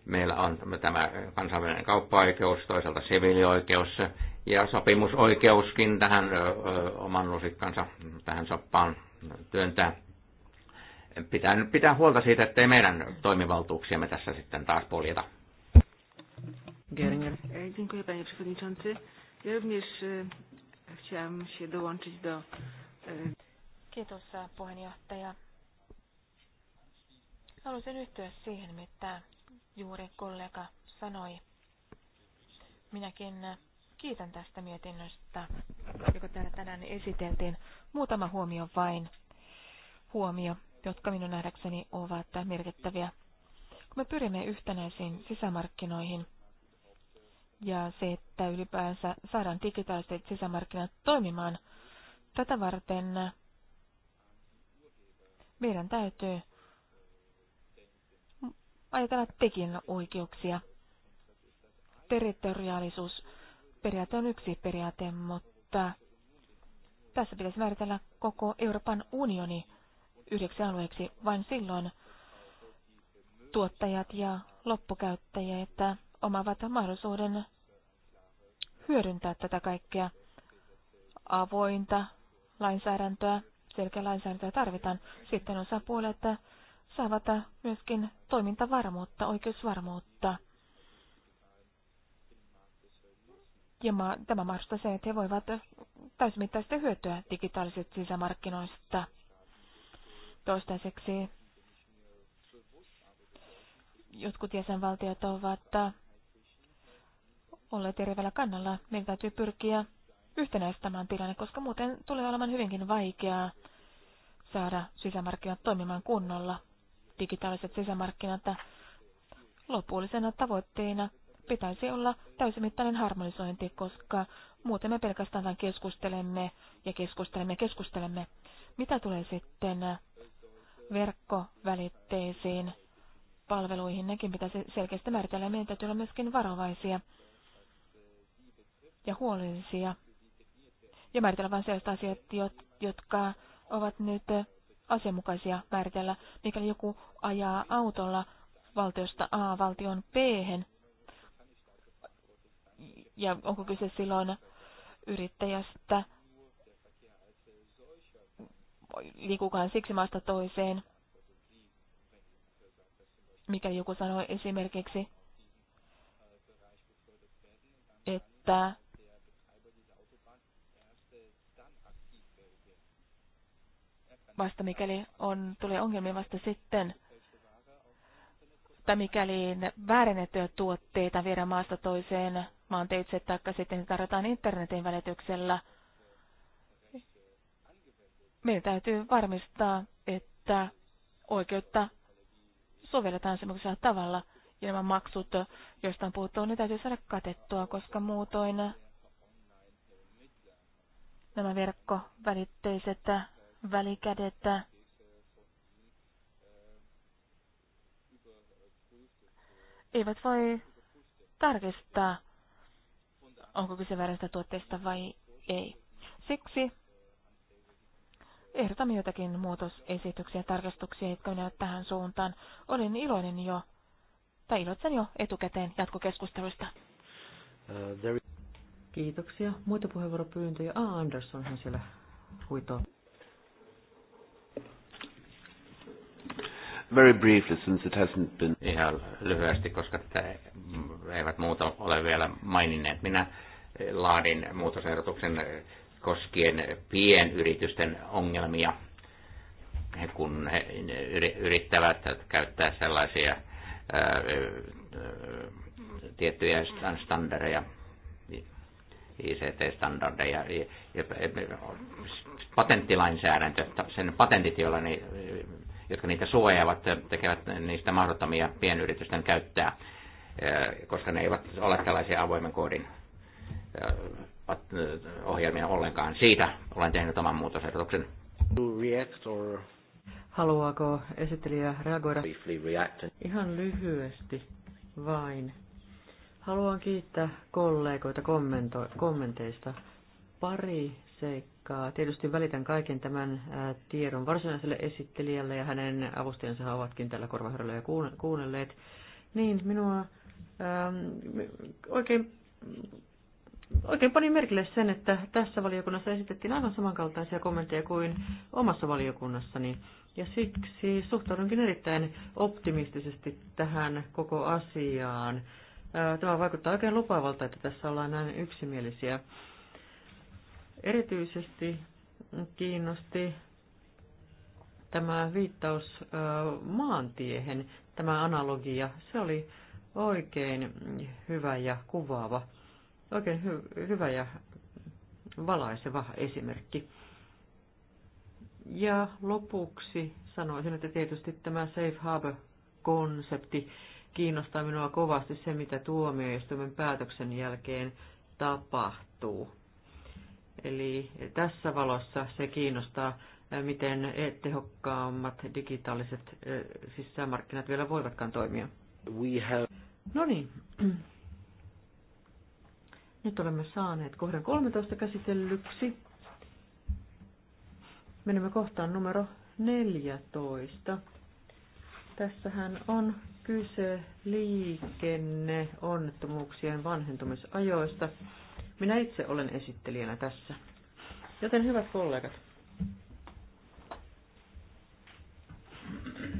meillä on tämä kansainvälinen kauppa-oikeus, toisaalta siviilioikeus ja sopimusoikeuskin tähän oman lusikkansa tähän soppaan työntää. Pitää nyt pitää huolta siitä, ettei meidän toimivaltuuksiamme tässä sitten taas poljeta. Geringer. E, dziękuję panie przewodniczący. Ja również e, chciałam się dołączyć do... E, Kiitos puheenjohtaja Haluaisin yhtyä siihen, mitä juuri kollega sanoi. Minäkin kiitän tästä mietinnöstä, joka täällä tänään esiteltiin. Muutama huomio vain. Huomio, jotka minun nähdäkseni ovat merkittäviä. Kun me pyrimme yhtenäisiin sisämarkkinoihin ja se, että ylipäänsä saadaan digitaaliset sisämarkkinat toimimaan, tätä varten meidän täytyy Ajatella tekin oikeuksia. Territoriaalisuus periaate on yksi periaate, mutta tässä pitäisi määritellä koko Euroopan unioni yhdeksi alueeksi. Vain silloin tuottajat ja loppukäyttäjät omaavat mahdollisuuden hyödyntää tätä kaikkea avointa lainsäädäntöä, selkeä lainsäädäntöä tarvitaan. Sitten että saavata myöskin toimintavarmuutta, oikeusvarmuutta. Ja ma- tämä mahdollistaa sen, että he voivat täysimittaista hyötyä digitaalisista sisämarkkinoista. Toistaiseksi jotkut jäsenvaltiot ovat olleet erivällä kannalla. Meidän täytyy pyrkiä yhtenäistämään tilanne, koska muuten tulee olemaan hyvinkin vaikeaa saada sisämarkkinat toimimaan kunnolla digitaaliset sisämarkkinat. Lopullisena tavoitteena pitäisi olla täysimittainen harmonisointi, koska muuten me pelkästään vain keskustelemme ja keskustelemme ja keskustelemme. Mitä tulee sitten verkkovälitteisiin palveluihin, nekin pitäisi selkeästi määritellä. Meidän täytyy olla myöskin varovaisia ja huolellisia ja määritellä vain sellaiset asiat, jotka ovat nyt asianmukaisia määritellä. Mikäli joku ajaa autolla valtiosta A valtion B, ja onko kyse silloin yrittäjästä, liikukaan siksi maasta toiseen, mikäli joku sanoi esimerkiksi, että vasta mikäli on, tulee ongelmia vasta sitten, tai mikäli väärennettyjä tuotteita viedään maasta toiseen maanteitse, taikka sitten tarjotaan internetin välityksellä. Meidän täytyy varmistaa, että oikeutta sovelletaan semmoisella tavalla, ja nämä maksut, joista on puhuttu, ne täytyy saada katettua, koska muutoin nämä verkkovälitteiset välikädettä eivät voi tarkistaa, onko kyse väärästä tuotteesta vai ei. Siksi ehdotamme jotakin muutosesityksiä ja tarkastuksia, jotka menevät tähän suuntaan. Olin iloinen jo, tai iloitsen jo etukäteen jatkokeskusteluista. Äh, Kiitoksia. Muita puheenvuoropyyntöjä. A. Ah, Andersonhan siellä huitoo. Very briefly, since it hasn't been... Ihan lyhyesti, koska te eivät muuta ole vielä maininneet. Minä laadin muutosehdotuksen koskien pienyritysten ongelmia, kun he yrittävät käyttää sellaisia ää, tiettyjä standardeja, ICT-standardeja patenttilainsäädäntö, sen patentit, joilla niin jotka niitä suojaavat, tekevät niistä mahdottomia pienyritysten käyttää, eh, koska ne eivät ole tällaisia avoimen koodin eh, eh, ohjelmia ollenkaan. Siitä olen tehnyt oman muutosehdotuksen. Haluaako esittelijä reagoida? Ihan lyhyesti vain. Haluan kiittää kollegoita kommenteista. Pari seikkaa seikkaa. Tietysti välitän kaiken tämän äh, tiedon varsinaiselle esittelijälle ja hänen avustajansa ovatkin tällä korvahöröllä jo kuunnelleet. Niin, minua ää, ähm, oikein, oikein pani merkille sen, että tässä valiokunnassa esitettiin aivan samankaltaisia kommentteja kuin omassa valiokunnassani. Ja siksi suhtaudunkin erittäin optimistisesti tähän koko asiaan. Äh, tämä vaikuttaa oikein lupaavalta, että tässä ollaan näin yksimielisiä. Erityisesti kiinnosti tämä viittaus maantiehen, tämä analogia. Se oli oikein hyvä ja kuvaava, oikein hy- hyvä ja valaiseva esimerkki. Ja lopuksi sanoisin, että tietysti tämä Safe Harbor-konsepti kiinnostaa minua kovasti se, mitä tuomioistuimen päätöksen jälkeen tapahtuu. Eli tässä valossa se kiinnostaa, miten tehokkaammat digitaaliset sisämarkkinat vielä voivatkaan toimia. have... No niin. (clears throat) Nyt olemme saaneet kohdan 13 käsitellyksi. Menemme kohtaan numero 14. Tässähän on kyse liikenneonnettomuuksien vanhentumisajoista. Minä itse olen esittelijänä tässä. Joten hyvät kollegat,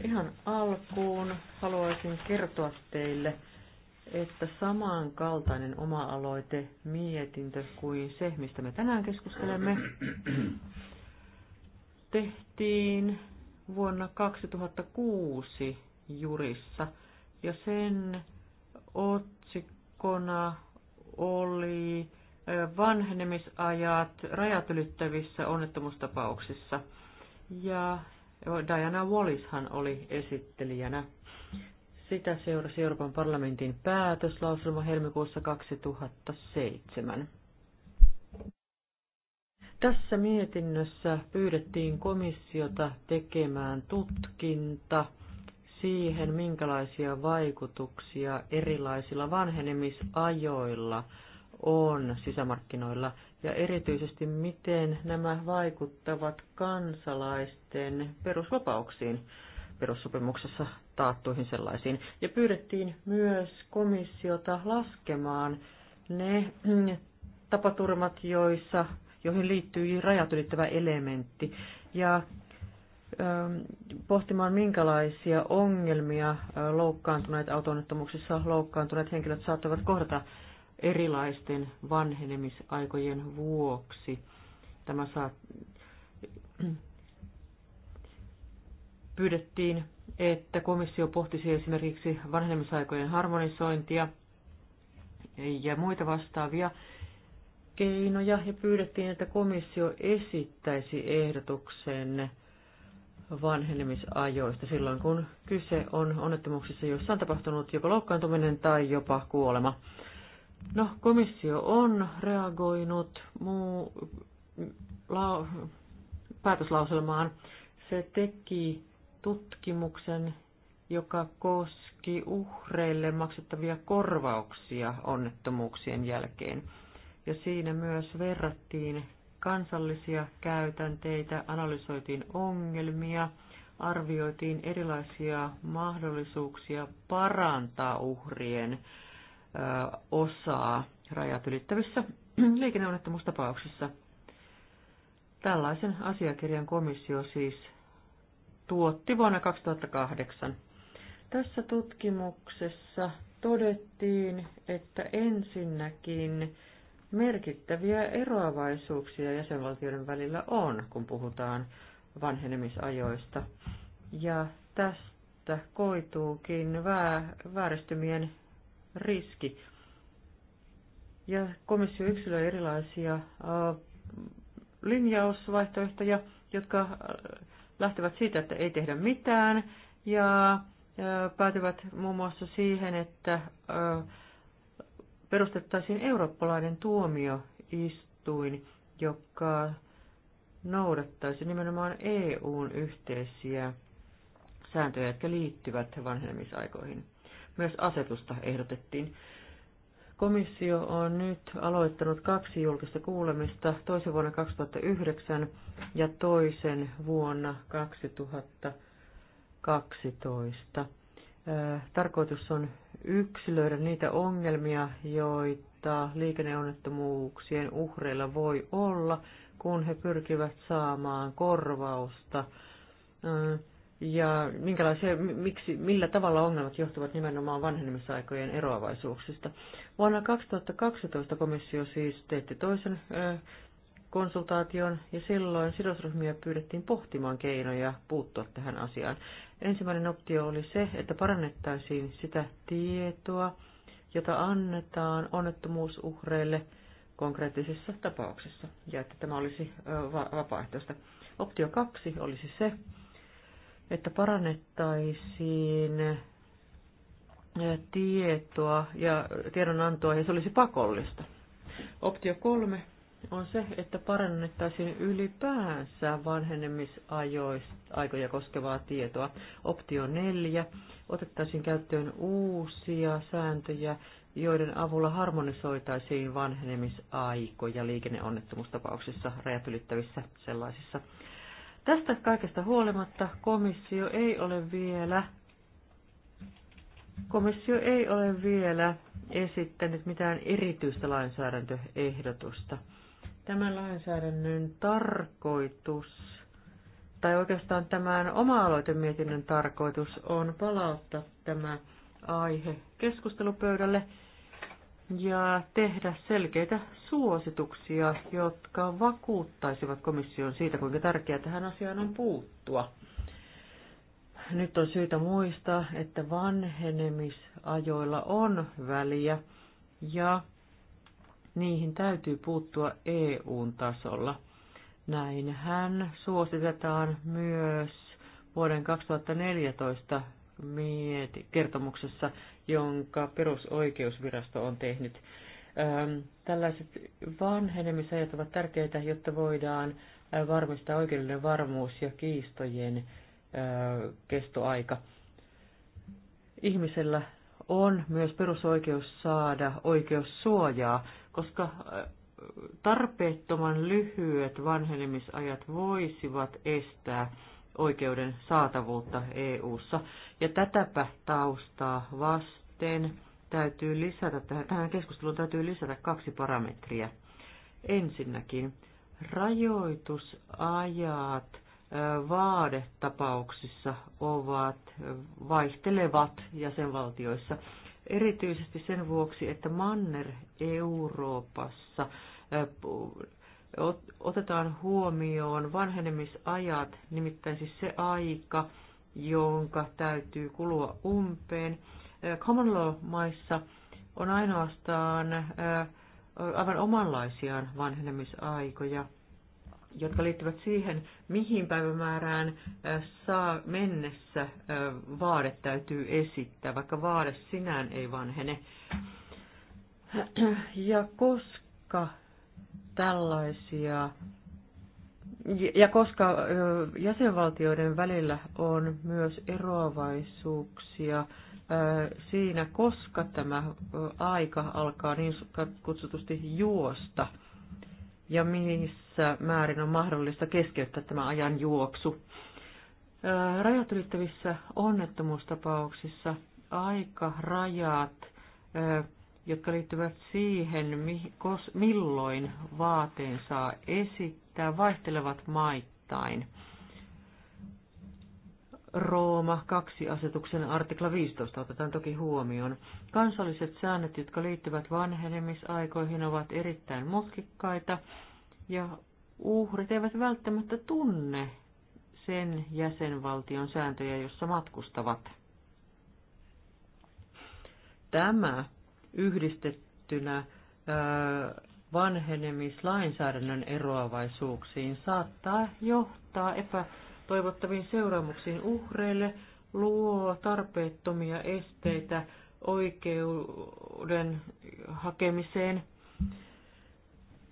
ihan alkuun haluaisin kertoa teille, että samankaltainen oma-aloite mietintö kuin se, mistä me tänään keskustelemme, tehtiin vuonna 2006 jurissa ja sen otsikkona oli vanhenemisajat rajat ylittävissä onnettomuustapauksissa. Ja Diana Wallishan oli esittelijänä. Sitä seurasi Euroopan parlamentin päätöslauselma helmikuussa 2007. Tässä mietinnössä pyydettiin komissiota tekemään tutkinta siihen, minkälaisia vaikutuksia erilaisilla vanhenemisajoilla on sisämarkkinoilla ja erityisesti miten nämä vaikuttavat kansalaisten perusvapauksiin perussopimuksessa taattuihin sellaisiin. Ja pyydettiin myös komissiota laskemaan ne (clears throat) tapaturmat, joissa, joihin liittyy rajat ylittävä elementti. Ja ähm, pohtimaan, minkälaisia ongelmia äh, loukkaantuneet autonnettomuuksissa loukkaantuneet henkilöt saattavat kohdata erilaisten vanhenemisaikojen vuoksi. Tämä saa, pyydettiin, että komissio pohtisi esimerkiksi vanhenemisaikojen harmonisointia ja muita vastaavia keinoja ja pyydettiin, että komissio esittäisi ehdotuksen vanhenemisajoista silloin, kun kyse on onnettomuuksissa, joissa on tapahtunut joko loukkaantuminen tai jopa kuolema. No, komissio on reagoinut muu, la, päätöslauselmaan. Se teki tutkimuksen, joka koski uhreille maksettavia korvauksia onnettomuuksien jälkeen. Ja siinä myös verrattiin kansallisia käytänteitä, analysoitiin ongelmia, arvioitiin erilaisia mahdollisuuksia parantaa uhrien osaa rajat ylittävissä (clears throat) liikenneonnettomuustapauksissa. Tällaisen asiakirjan komissio siis tuotti vuonna 2008. Tässä tutkimuksessa todettiin, että ensinnäkin merkittäviä eroavaisuuksia jäsenvaltioiden välillä on, kun puhutaan vanhenemisajoista. Ja tästä koituukin vääristymien riski. Ja komissio yksilöi erilaisia linjausvaihtoehtoja, jotka lähtevät siitä, että ei tehdä mitään ja päätyvät muun muassa siihen, että perustettaisiin eurooppalainen tuomioistuin, joka noudattaisi nimenomaan EUn yhteisiä sääntöjä, jotka liittyvät vanhenemisaikoihin myös asetusta ehdotettiin. Komissio on nyt aloittanut kaksi julkista kuulemista, toisen vuonna 2009 ja toisen vuonna 2012. Äh, tarkoitus on yksilöidä niitä ongelmia, joita liikenneonnettomuuksien uhreilla voi olla, kun he pyrkivät saamaan korvausta äh, ja minkälaisia, miksi, millä tavalla ongelmat johtuvat nimenomaan vanhenemisaikojen eroavaisuuksista. Vuonna 2012 komissio siis teetti toisen konsultaation ja silloin sidosryhmiä pyydettiin pohtimaan keinoja puuttua tähän asiaan. Ensimmäinen optio oli se, että parannettaisiin sitä tietoa, jota annetaan onnettomuusuhreille konkreettisissa tapauksissa ja että tämä olisi vapaaehtoista. Optio kaksi olisi se, että parannettaisiin eh, tietoa ja tiedonantoa, ja se olisi pakollista. Optio kolme on se, että parannettaisiin ylipäänsä vanhenemisaikoja koskevaa tietoa. Optio neljä otettaisiin käyttöön uusia sääntöjä, joiden avulla harmonisoitaisiin vanhenemisaikoja liikenneonnettomuustapauksissa, rajat ylittävissä sellaisissa. Tästä kaikesta huolimatta komissio ei ole vielä Komissio ei ole vielä esittänyt mitään erityistä lainsäädäntöehdotusta. Tämän lainsäädännön tarkoitus, tai oikeastaan tämän oma-aloitemietinnön tarkoitus on palauttaa tämä aihe keskustelupöydälle ja tehdä selkeitä suosituksia, jotka vakuuttaisivat komission siitä, kuinka tärkeää tähän asiaan on puuttua. Nyt on syytä muistaa, että vanhenemisajoilla on väliä ja niihin täytyy puuttua eu tasolla. Näinhän suositetaan myös vuoden 2014 kertomuksessa, jonka perusoikeusvirasto on tehnyt. Ähm, tällaiset vanhenemisajat ovat tärkeitä, jotta voidaan äh, varmistaa oikeudellinen varmuus ja kiistojen äh, kestoaika. Ihmisellä on myös perusoikeus saada oikeus suojaa, koska äh, tarpeettoman lyhyet vanhenemisajat voisivat estää oikeuden saatavuutta EU:ssa. Ja tätäpä taustaa vasten täytyy lisätä, tähän keskusteluun täytyy lisätä kaksi parametria. Ensinnäkin rajoitusajat vaadetapauksissa ovat vaihtelevat jäsenvaltioissa. Erityisesti sen vuoksi, että Manner-Euroopassa otetaan huomioon vanhenemisajat, nimittäin siis se aika, jonka täytyy kulua umpeen. Common law-maissa on ainoastaan aivan omanlaisiaan vanhenemisaikoja, jotka liittyvät siihen, mihin päivämäärään saa mennessä vaade täytyy esittää, vaikka vaade sinään ei vanhene. Ja koska tällaisia, ja koska jäsenvaltioiden välillä on myös eroavaisuuksia siinä, koska tämä aika alkaa niin kutsutusti juosta, ja missä määrin on mahdollista keskeyttää tämä ajan juoksu. Rajat ylittävissä onnettomuustapauksissa aikarajat jotka liittyvät siihen, milloin vaateen saa esittää, vaihtelevat maittain. Rooma 2 asetuksen artikla 15 otetaan toki huomioon. Kansalliset säännöt, jotka liittyvät vanhenemisaikoihin, ovat erittäin mutkikkaita ja uhrit eivät välttämättä tunne sen jäsenvaltion sääntöjä, jossa matkustavat. Tämä yhdistettynä vanhenemislainsäädännön eroavaisuuksiin saattaa johtaa epätoivottaviin seuraamuksiin uhreille, luo tarpeettomia esteitä oikeuden hakemiseen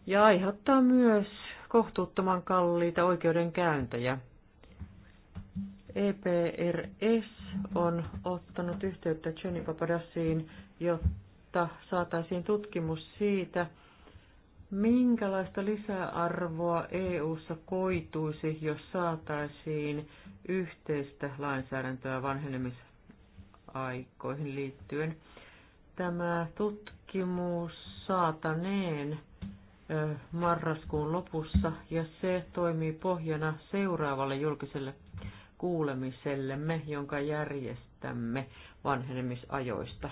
ja aiheuttaa myös kohtuuttoman kalliita oikeudenkäyntejä. EPRS on ottanut yhteyttä Jenny Papadassiin, jotta jotta saataisiin tutkimus siitä, minkälaista lisäarvoa EU:ssa koituisi, jos saataisiin yhteistä lainsäädäntöä vanhenemisaikoihin liittyen. Tämä tutkimus saataneen marraskuun lopussa ja se toimii pohjana seuraavalle julkiselle kuulemisellemme, jonka järjestämme vanhenemisajoista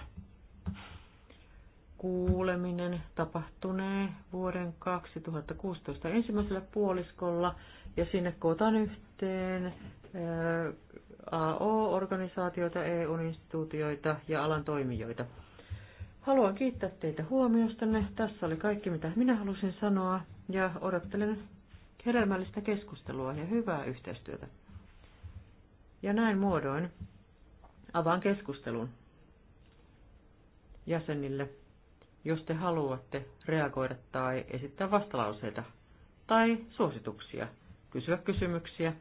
kuuleminen tapahtunee vuoden 2016 ensimmäisellä puoliskolla ja sinne kootaan yhteen AO-organisaatioita, EU-instituutioita ja alan toimijoita. Haluan kiittää teitä huomiostanne. Tässä oli kaikki, mitä minä halusin sanoa ja odottelen hedelmällistä keskustelua ja hyvää yhteistyötä. Ja näin muodoin avaan keskustelun jäsenille jos te haluatte reagoida tai esittää vastalauseita tai suosituksia, kysyä kysymyksiä.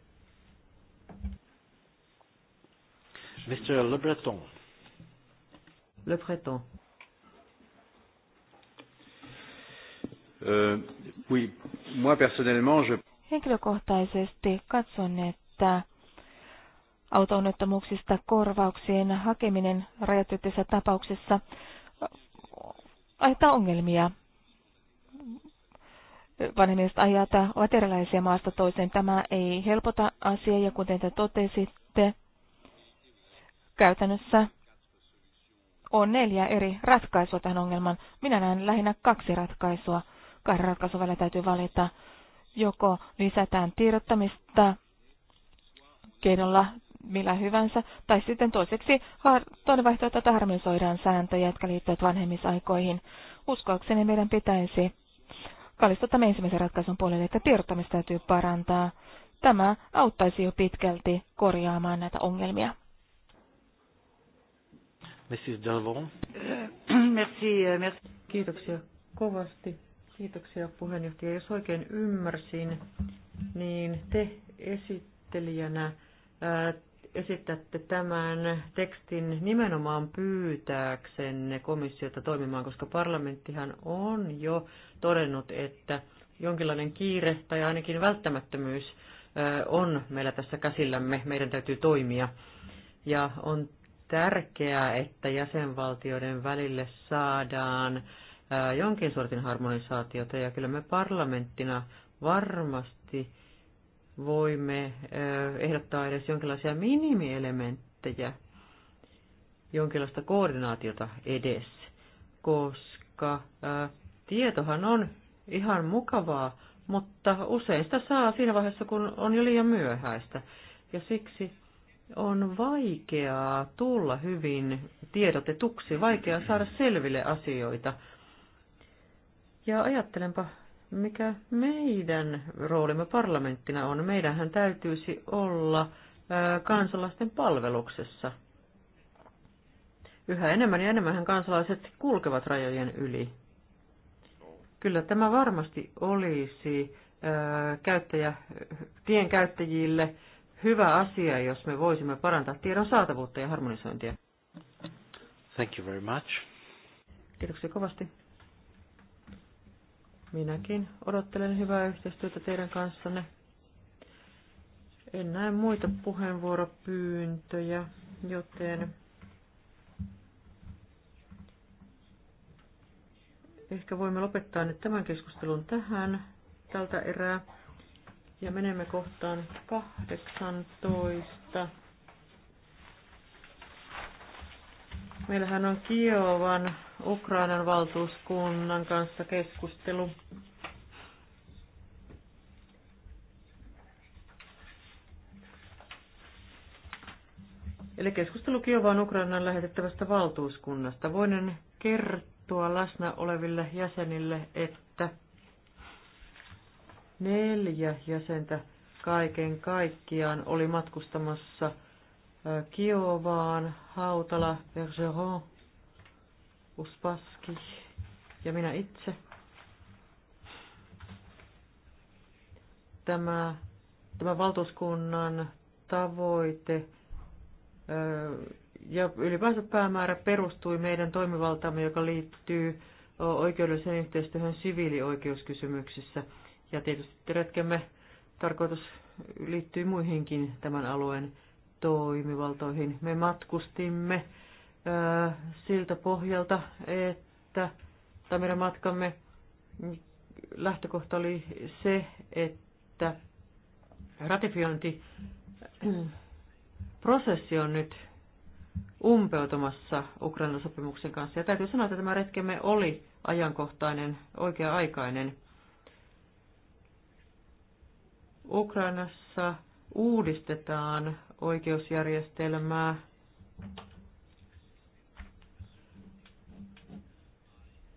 Mr. Le Breton. Le Breton. Euh, oui, moi personnellement, je... Henkilökohtaisesti katson, että auto-onnettomuuksista korvauksien hakeminen rajatyötyissä tapauksessa aiheuttaa ongelmia. Vanhemmista ajat ovat erilaisia maasta toiseen. Tämä ei helpota asiaa ja kuten te totesitte, käytännössä on neljä eri ratkaisua tähän ongelmaan. Minä näen lähinnä kaksi ratkaisua. Kahden ratkaisun välillä täytyy valita. Joko lisätään tiedottamista keinolla millä hyvänsä. Tai sitten toiseksi toinen vaihtoehto, että harmonisoidaan sääntöjä, jotka liittyvät vanhemmisaikoihin. Uskoakseni meidän pitäisi kallistua tämän ensimmäisen ratkaisun puolelle, että tiedottamista täytyy parantaa. Tämä auttaisi jo pitkälti korjaamaan näitä ongelmia. Mrs. Äh, merci, äh, merci. Kiitoksia kovasti. Kiitoksia puheenjohtaja. Jos oikein ymmärsin, niin te esittelijänä äh, esitätte tämän tekstin nimenomaan pyytääksenne komissiota toimimaan, koska parlamenttihan on jo todennut, että jonkinlainen kiire tai ainakin välttämättömyys on meillä tässä käsillämme, meidän täytyy toimia. Ja on tärkeää, että jäsenvaltioiden välille saadaan jonkin sortin harmonisaatiota, ja kyllä me parlamenttina varmasti voimme eh, ehdottaa edes jonkinlaisia minimielementtejä, jonkinlaista koordinaatiota edes, koska eh, tietohan on ihan mukavaa, mutta usein sitä saa siinä vaiheessa, kun on jo liian myöhäistä. Ja siksi on vaikeaa tulla hyvin tiedotetuksi, vaikeaa saada selville asioita. Ja ajattelenpa mikä meidän roolimme parlamenttina on. Meidänhän täytyisi olla kansalaisten palveluksessa. Yhä enemmän ja enemmän kansalaiset kulkevat rajojen yli. Kyllä tämä varmasti olisi käyttäjä, tien käyttäjille hyvä asia, jos me voisimme parantaa tiedon saatavuutta ja harmonisointia. Thank you very much. Kiitoksia kovasti. Minäkin odottelen hyvää yhteistyötä teidän kanssanne. En näe muita puheenvuoropyyntöjä, joten ehkä voimme lopettaa nyt tämän keskustelun tähän tältä erää. Ja menemme kohtaan 18. Meillähän on Kiovan Ukrainan valtuuskunnan kanssa keskustelu. Eli keskustelu Kiovan Ukrainan lähetettävästä valtuuskunnasta. Voinen kertoa läsnä oleville jäsenille, että neljä jäsentä kaiken kaikkiaan oli matkustamassa Kiovaan, Hautala, Bergeron, Uspaski ja minä itse. Tämä, tämä valtuuskunnan tavoite ja ylipäänsä päämäärä perustui meidän toimivaltaamme, joka liittyy oikeudelliseen yhteistyöhön siviilioikeuskysymyksissä. Ja tietysti retkemme tarkoitus liittyy muihinkin tämän alueen toimivaltoihin. Me matkustimme siltä pohjalta, että tämä meidän matkamme lähtökohta oli se, että ratifiointiprosessi on nyt umpeutumassa Ukrainan sopimuksen kanssa. Ja täytyy sanoa, että tämä retkemme oli ajankohtainen, oikea-aikainen. Ukrainassa uudistetaan oikeusjärjestelmää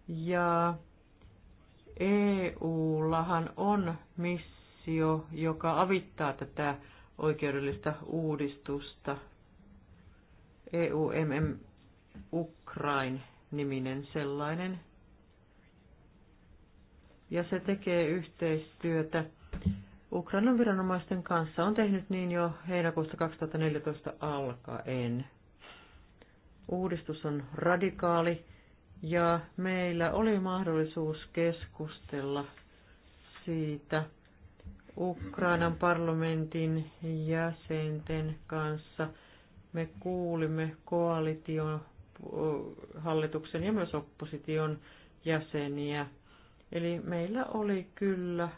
Ja EUllahan on missio, joka avittaa tätä oikeudellista uudistusta. EUMM Ukraine niminen sellainen. Ja se tekee yhteistyötä Ukrainan viranomaisten kanssa. On tehnyt niin jo heinäkuusta 2014 alkaen. Uudistus on radikaali ja meillä oli mahdollisuus keskustella siitä Ukrainan parlamentin jäsenten kanssa. Me kuulimme koalition hallituksen ja myös opposition jäseniä. Eli meillä oli kyllä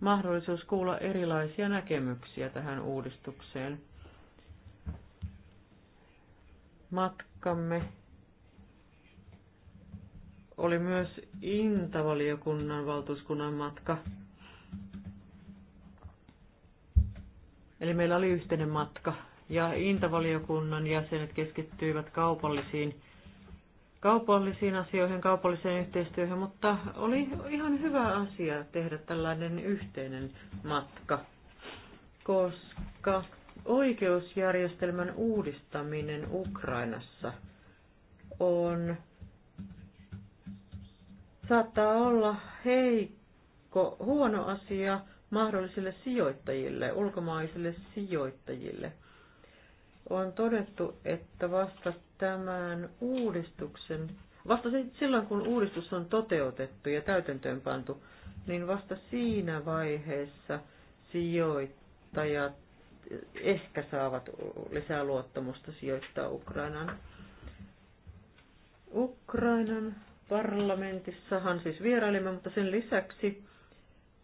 mahdollisuus kuulla erilaisia näkemyksiä tähän uudistukseen. Matkamme oli myös Intavaliokunnan valtuuskunnan matka. Eli meillä oli yhteinen matka ja Intavaliokunnan jäsenet keskittyivät kaupallisiin, kaupallisiin asioihin, kaupalliseen yhteistyöhön, mutta oli ihan hyvä asia tehdä tällainen yhteinen matka, koska oikeusjärjestelmän uudistaminen Ukrainassa on saattaa olla heikko, huono asia mahdollisille sijoittajille, ulkomaisille sijoittajille. On todettu, että vasta tämän uudistuksen, vasta silloin kun uudistus on toteutettu ja täytäntöön pantu, niin vasta siinä vaiheessa sijoittajat ehkä saavat lisää luottamusta sijoittaa Ukrainan. Ukrainan parlamentissahan siis vierailimme, mutta sen lisäksi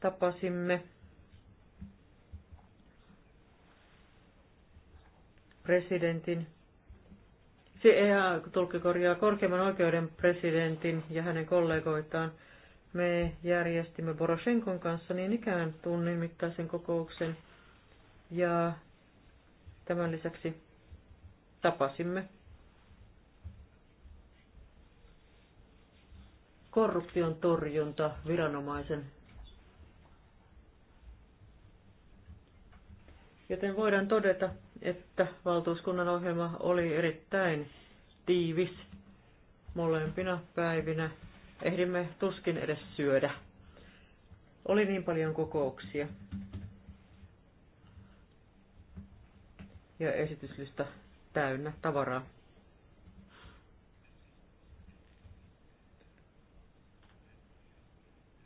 tapasimme presidentin, tulkki korjaa korkeimman oikeuden presidentin ja hänen kollegoitaan. Me järjestimme Boroshenkon kanssa niin ikään tunnin mittaisen kokouksen ja tämän lisäksi tapasimme korruption torjunta viranomaisen. Joten voidaan todeta, että valtuuskunnan ohjelma oli erittäin tiivis molempina päivinä. Ehdimme tuskin edes syödä. Oli niin paljon kokouksia. Ja esityslista täynnä tavaraa.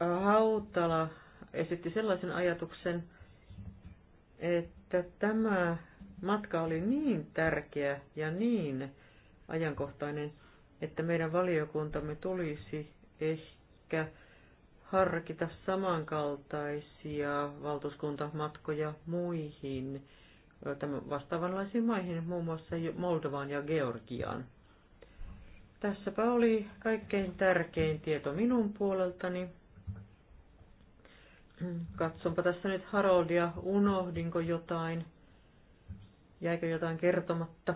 Hautala esitti sellaisen ajatuksen, että tämä matka oli niin tärkeä ja niin ajankohtainen, että meidän valiokuntamme tulisi ehkä harkita samankaltaisia valtuuskuntamatkoja muihin vastaavanlaisiin maihin, muun muassa Moldovaan ja Georgiaan. Tässäpä oli kaikkein tärkein tieto minun puoleltani. Katsonpa tässä nyt Haroldia, unohdinko jotain? Jäikö jotain kertomatta?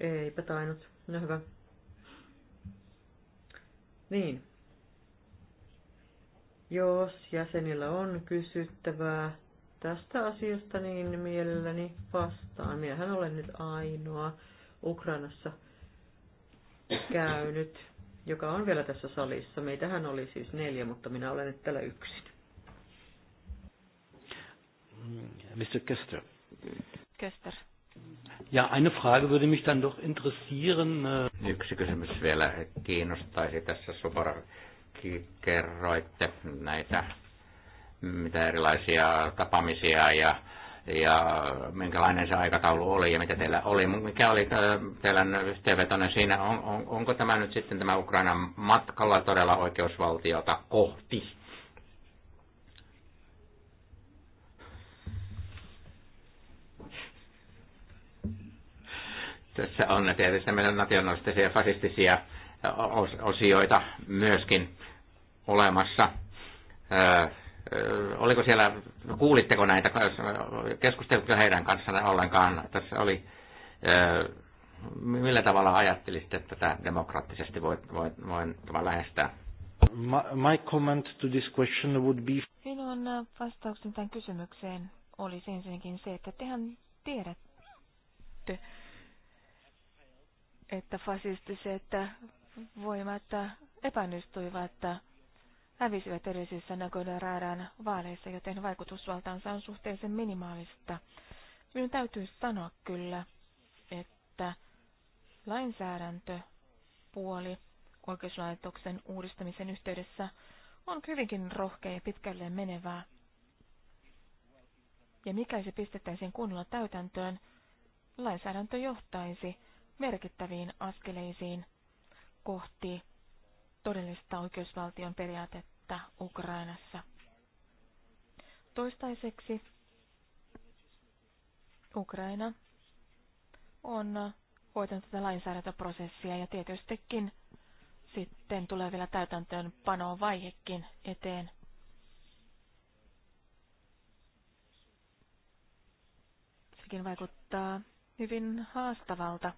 Eipä tainnut. No hyvä. Niin. Jos jäsenillä on kysyttävää tästä asiasta, niin mielelläni vastaan. Miehän olen nyt ainoa Ukrainassa käynyt joka on vielä tässä salissa. Meitähän oli siis neljä, mutta minä olen nyt täällä yksin. Mr. Mm, Kester. Kester. Ja, eine Frage würde mich dann doch interessieren. Äh, Yksi kysymys vielä kiinnostaisi tässä Subar. Kerroitte näitä mitä erilaisia tapaamisia ja ja minkälainen se aikataulu oli ja mitä teillä oli. Mikä oli äh, teidän yhteenvetonne siinä? On, on, onko tämä nyt sitten tämä Ukrainan matkalla todella oikeusvaltiota kohti? Tässä on tietysti meillä nationalistisia ja fasistisia äh, osioita myöskin olemassa. Öö, oliko siellä, no kuulitteko näitä keskusteluja heidän kanssaan ollenkaan? Tässä oli, millä tavalla ajattelisitte tätä demokraattisesti voin, voin, lähestää? My comment to this question would be... Minun vastauksen tämän kysymykseen oli ensinnäkin se, että tehän tiedätte, että fasistiset voimat epäonnistuivat hävisivät edellisissä Nagoya Radan vaaleissa, joten vaikutusvaltaansa on suhteellisen minimaalista. Minun täytyy sanoa kyllä, että lainsäädäntöpuoli oikeuslaitoksen uudistamisen yhteydessä on hyvinkin rohkea ja pitkälle menevää. Ja mikäli se pistettäisiin kunnolla täytäntöön, lainsäädäntö johtaisi merkittäviin askeleisiin kohti todellista oikeusvaltion periaatetta Ukrainassa. Toistaiseksi Ukraina on hoitanut tätä lainsäädäntöprosessia ja tietystikin sitten tulee vielä täytäntöönpanoon vaihekin eteen. Sekin vaikuttaa hyvin haastavalta,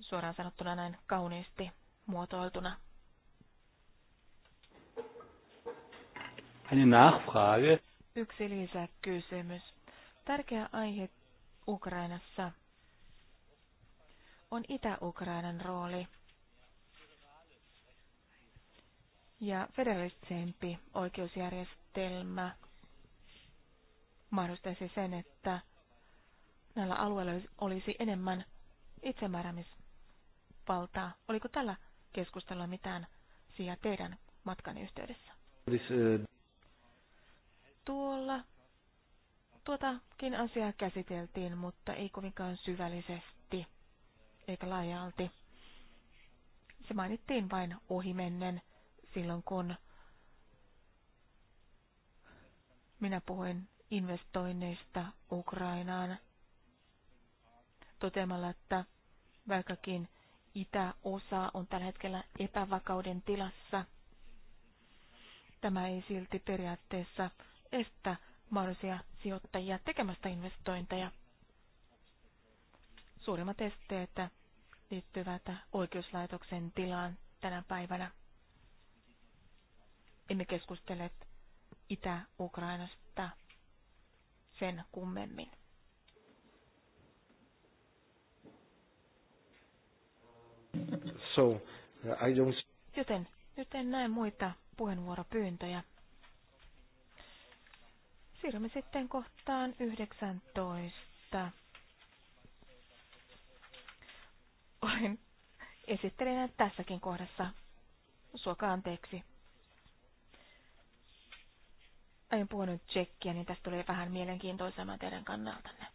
suoraan sanottuna näin kauniisti muotoiltuna. Eine Nachfrage. Yksi lisäkysymys. Tärkeä aihe Ukrainassa on Itä-Ukrainan rooli ja federalistisempi oikeusjärjestelmä mahdollistaisi sen, että näillä alueilla olisi enemmän itsemääräämisvaltaa. Oliko tällä keskustella mitään siellä teidän matkan yhteydessä. Uh, Tuolla tuotakin asiaa käsiteltiin, mutta ei kovinkaan syvällisesti eikä laajalti. Se mainittiin vain ohimennen silloin, kun minä puhuin investoinneista Ukrainaan toteamalla, että vaikkakin itäosa on tällä hetkellä epävakauden tilassa. Tämä ei silti periaatteessa estä mahdollisia sijoittajia tekemästä investointeja. Suurimmat esteet liittyvät oikeuslaitoksen tilaan tänä päivänä. Emme keskustele Itä-Ukrainasta sen kummemmin. So, uh, I don't... Joten nyt en näe muita puheenvuoropyyntöjä. Siirrymme sitten kohtaan 19. Olen esittelijänä tässäkin kohdassa. Suokaa anteeksi. Aion puhunut tsekkiä, niin tästä tulee vähän mielenkiintoisemman teidän kannaltanne.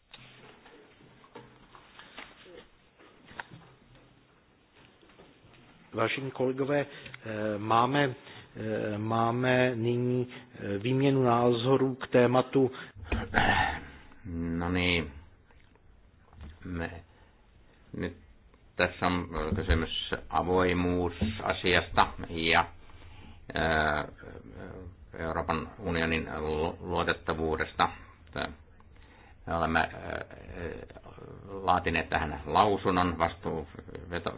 Vážení kolegové, eh, máme, eh, máme nyní eh, výměnu názorů k tématu. No niin, me, nyt tässä on kysymys avoimuusasiasta ja Euroopan unionin luotettavuudesta me olemme äh, äh, laatineet tähän lausunnon vastuu, veto,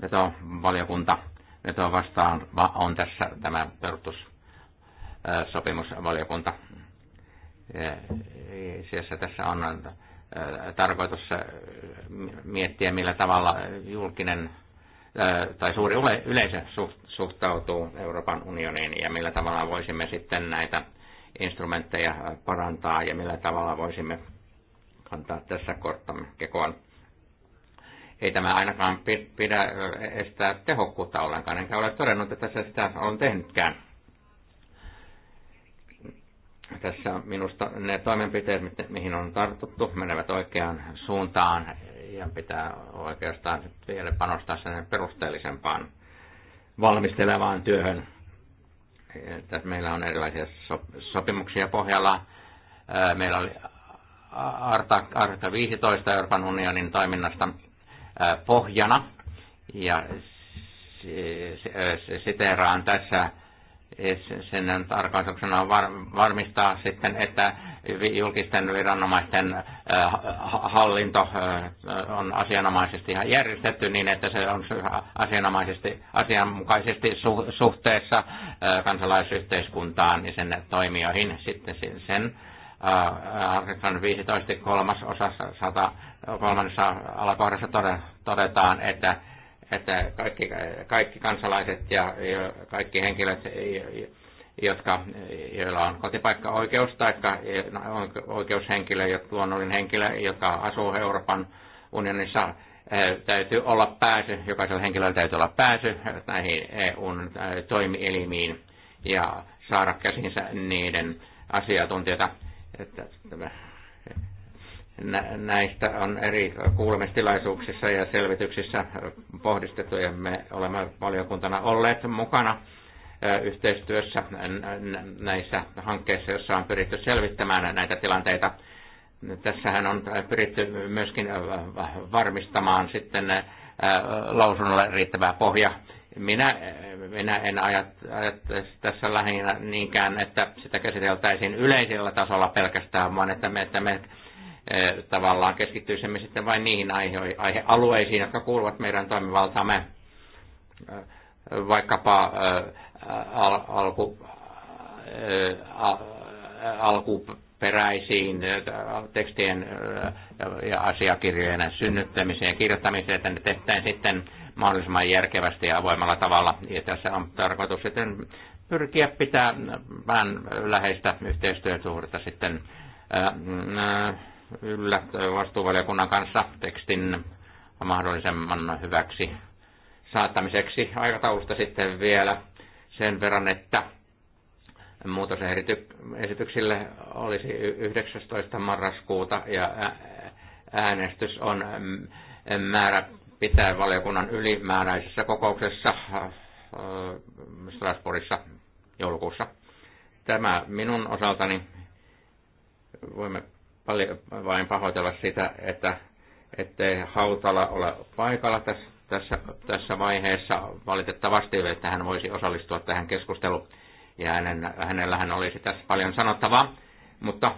vetovaliokunta. Veto vastaan on tässä tämä perustussopimusvaliokunta. Siellä tässä on äh, tarkoitus miettiä, millä tavalla julkinen tai suuri yleisö suhtautuu Euroopan unioniin ja millä tavalla voisimme sitten näitä instrumentteja parantaa ja millä tavalla voisimme antaa tässä korttamme kekoon. Ei tämä ainakaan pidä estää tehokkuutta ollenkaan, enkä ole todennut, että tässä sitä on tehnytkään. Tässä minusta ne toimenpiteet, mihin on tartuttu, menevät oikeaan suuntaan ja pitää oikeastaan vielä panostaa sen perusteellisempaan valmistelevaan työhön. Tässä meillä on erilaisia sopimuksia pohjalla. Meillä oli Arta, Arta 15 Euroopan unionin toiminnasta pohjana. Ja siteeraan tässä sen tarkoituksena on varmistaa sitten, että julkisten viranomaisten hallinto on asianomaisesti järjestetty niin, että se on asianomaisesti, asianmukaisesti suhteessa kansalaisyhteiskuntaan ja sen toimijoihin. Sitten sen artiklan siis 15 kolmas osassa, sata, kolmannessa alakohdassa todetaan, että, että kaikki, kaikki kansalaiset ja kaikki henkilöt, jotka, joilla on kotipaikkaoikeus tai oikeushenkilö ja luonnollinen henkilö, joka asuu Euroopan unionissa, täytyy olla pääsy, jokaisella henkilöllä täytyy olla pääsy näihin EUn toimielimiin ja saada käsinsä niiden asiantuntijoita että näistä on eri kuulemistilaisuuksissa ja selvityksissä pohdistettu ja me olemme valiokuntana olleet mukana yhteistyössä näissä hankkeissa, joissa on pyritty selvittämään näitä tilanteita. Tässähän on pyritty myöskin varmistamaan sitten lausunnolle riittävää pohja minä, minä en ajattele tässä lähinnä niinkään, että sitä käsiteltäisiin yleisellä tasolla pelkästään, vaan että me, että me e, tavallaan keskittyisimme sitten vain niihin aihe- aihealueisiin, jotka kuuluvat meidän toimivaltaamme. E, vaikkapa e, al- alku, al- alkuperäisiin tekstien ja asiakirjojen synnyttämiseen ja kirjoittamiseen, että ne tehtäisiin sitten mahdollisimman järkevästi ja avoimella tavalla. Ja tässä on tarkoitus sitten pyrkiä pitää vähän läheistä yhteistyösuhdetta sitten äh, yllä vastuuvaliokunnan kanssa tekstin mahdollisimman hyväksi saattamiseksi aikataulusta sitten vielä sen verran, että muutosesityksille olisi 19. marraskuuta ja äänestys on määrä pitää valiokunnan ylimääräisessä kokouksessa äh, äh, Strasbourgissa joulukuussa. Tämä minun osaltani voimme vain pahoitella sitä, että ettei Hautala ole paikalla tässä, tässä, tässä vaiheessa valitettavasti, että hän voisi osallistua tähän keskusteluun. Ja hänen, hänellähän olisi tässä paljon sanottavaa, mutta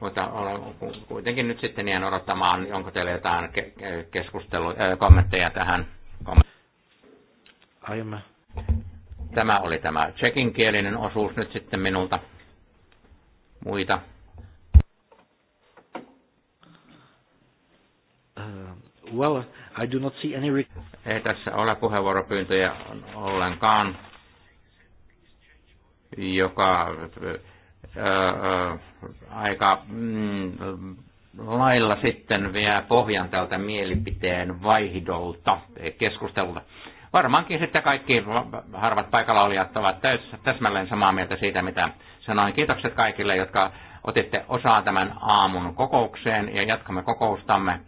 mutta olen kuitenkin nyt sitten jään odottamaan, onko teillä jotain keskustelu, kommentteja tähän. Aiemmin. Tämä oli tämä kielinen osuus nyt sitten minulta. Muita. Uh, well, I do not see any... Ei tässä ole puheenvuoropyyntöjä ollenkaan, joka aika mm, lailla sitten vielä pohjan tältä mielipiteen vaihdolta, eh, keskustelulta. Varmaankin sitten kaikki harvat paikalla olijat ovat täsmälleen samaa mieltä siitä, mitä sanoin. Kiitokset kaikille, jotka otitte osaa tämän aamun kokoukseen ja jatkamme kokoustamme